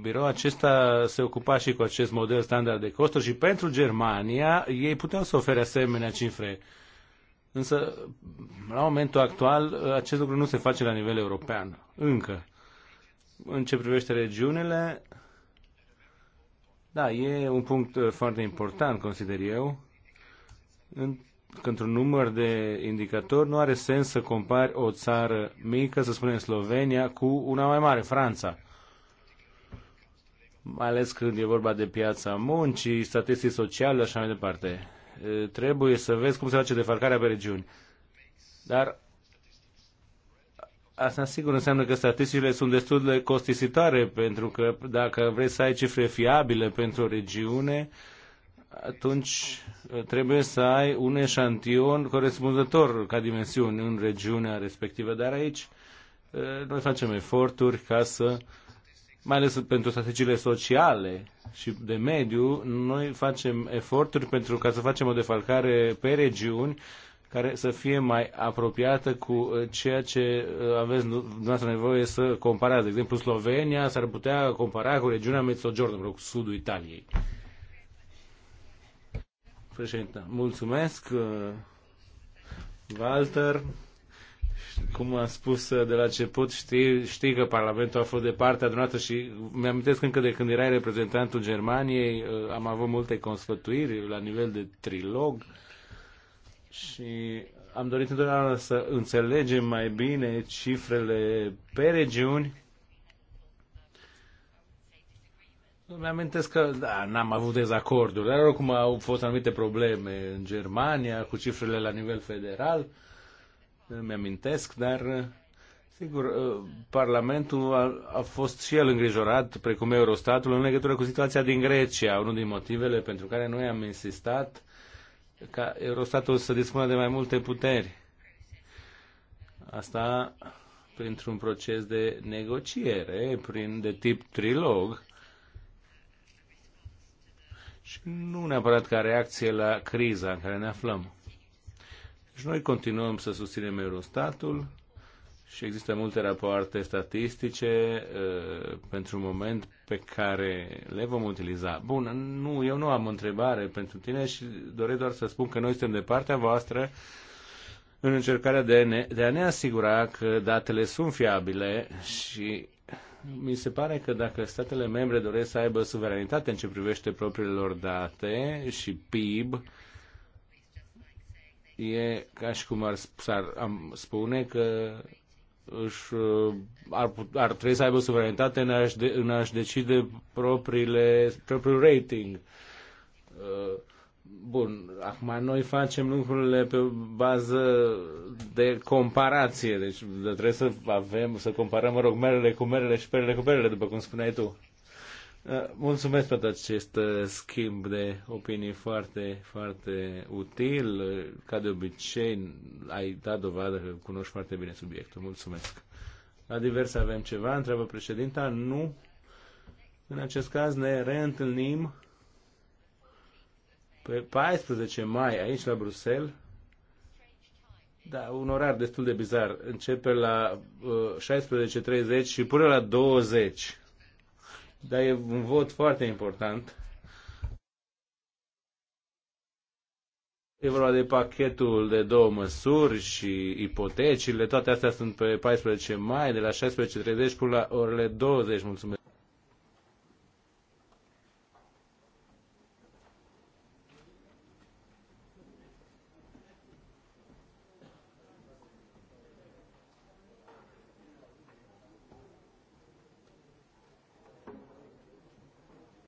biroul acesta se ocupa și cu acest model standard de costuri și pentru Germania ei puteau să ofere asemenea cifre uh, Însă, la momentul actual, acest lucru nu se face la nivel european. Încă. În ce privește regiunile, da, e un punct uh, foarte important, consider eu, în, că într-un număr de indicatori nu are sens să compari o țară mică, să spunem Slovenia, cu una mai mare, Franța. Mai ales când e vorba de piața muncii, statistici sociale, așa mai departe trebuie să vezi cum se face defarcarea pe regiuni. Dar asta sigur înseamnă că statisticile sunt destul de costisitoare, pentru că dacă vrei să ai cifre fiabile pentru o regiune, atunci trebuie să ai un eșantion corespunzător ca dimensiuni în regiunea respectivă. Dar aici eh, noi facem eforturi ca să uh, mai ales pentru strategiile sociale și de mediu, noi facem eforturi pentru ca să facem o defalcare pe regiuni care să fie mai apropiată cu uh, ceea ce uh, aveți dumneavoastră nevoie să comparați. De exemplu, Slovenia s-ar putea compara cu regiunea Mezzogiorno, cu sudul Italiei. Președinte, mulțumesc. Uh, Walter cum am spus uh, de la început, știi, știi că Parlamentul a fost de parte adunată și mi am încă de când erai reprezentantul Germaniei, uh, am avut multe consfătuiri la nivel de trilog și am dorit întotdeauna să înțelegem mai bine cifrele pe regiuni. Îmi amintesc că, da, n-am avut dezacorduri, dar oricum au fost anumite probleme în Germania cu cifrele la nivel federal. Uh, îmi amintesc dar uh, sigur, uh, Parlamentul a, a fost și el îngrijorat, precum Eurostatul, în legătură cu situația din Grecia, unul din motivele pentru care noi am insistat ca Eurostatul să dispună de mai multe puteri. Asta printr-un proces de negociere, prin de tip trilog, și nu neapărat ca reacție la criza în care ne aflăm. Deci noi continuăm să susținem Eurostatul și există multe rapoarte statistice uh, pentru un moment pe care le vom utiliza. Bun, nu, eu nu am o întrebare pentru tine și doresc doar să spun că noi suntem de partea voastră în încercarea de, ne, de a ne asigura că datele sunt fiabile și mi se pare că dacă statele membre doresc să aibă suveranitate în ce privește propriile lor date și PIB, e ca și cum ar, ar am spune că își, uh, ar, ar trebui să aibă suveranitate în a-și, de, în a decide propriile, propriul rating. Uh, bun, acum noi facem lucrurile pe bază de comparație, deci trebuie să avem, să comparăm, mă rog, merele cu merele și perele cu perele, după cum spuneai tu. Uh, mulțumesc pentru acest schimb de opinii foarte, foarte util. Ca de obicei, ai dat dovadă că cunoști foarte bine subiectul. Mulțumesc. La diverse avem ceva? Întreabă președinta? Nu. În acest caz ne reîntâlnim pe 14 mai aici la Bruxelles. Da, un orar destul de bizar. Începe la uh, 16.30 și până la 20 dar e un vot foarte important. E vorba de pachetul de două măsuri și ipotecile. Toate astea sunt pe 14 mai, de la 16.30 până la orele 20. Mulțumesc!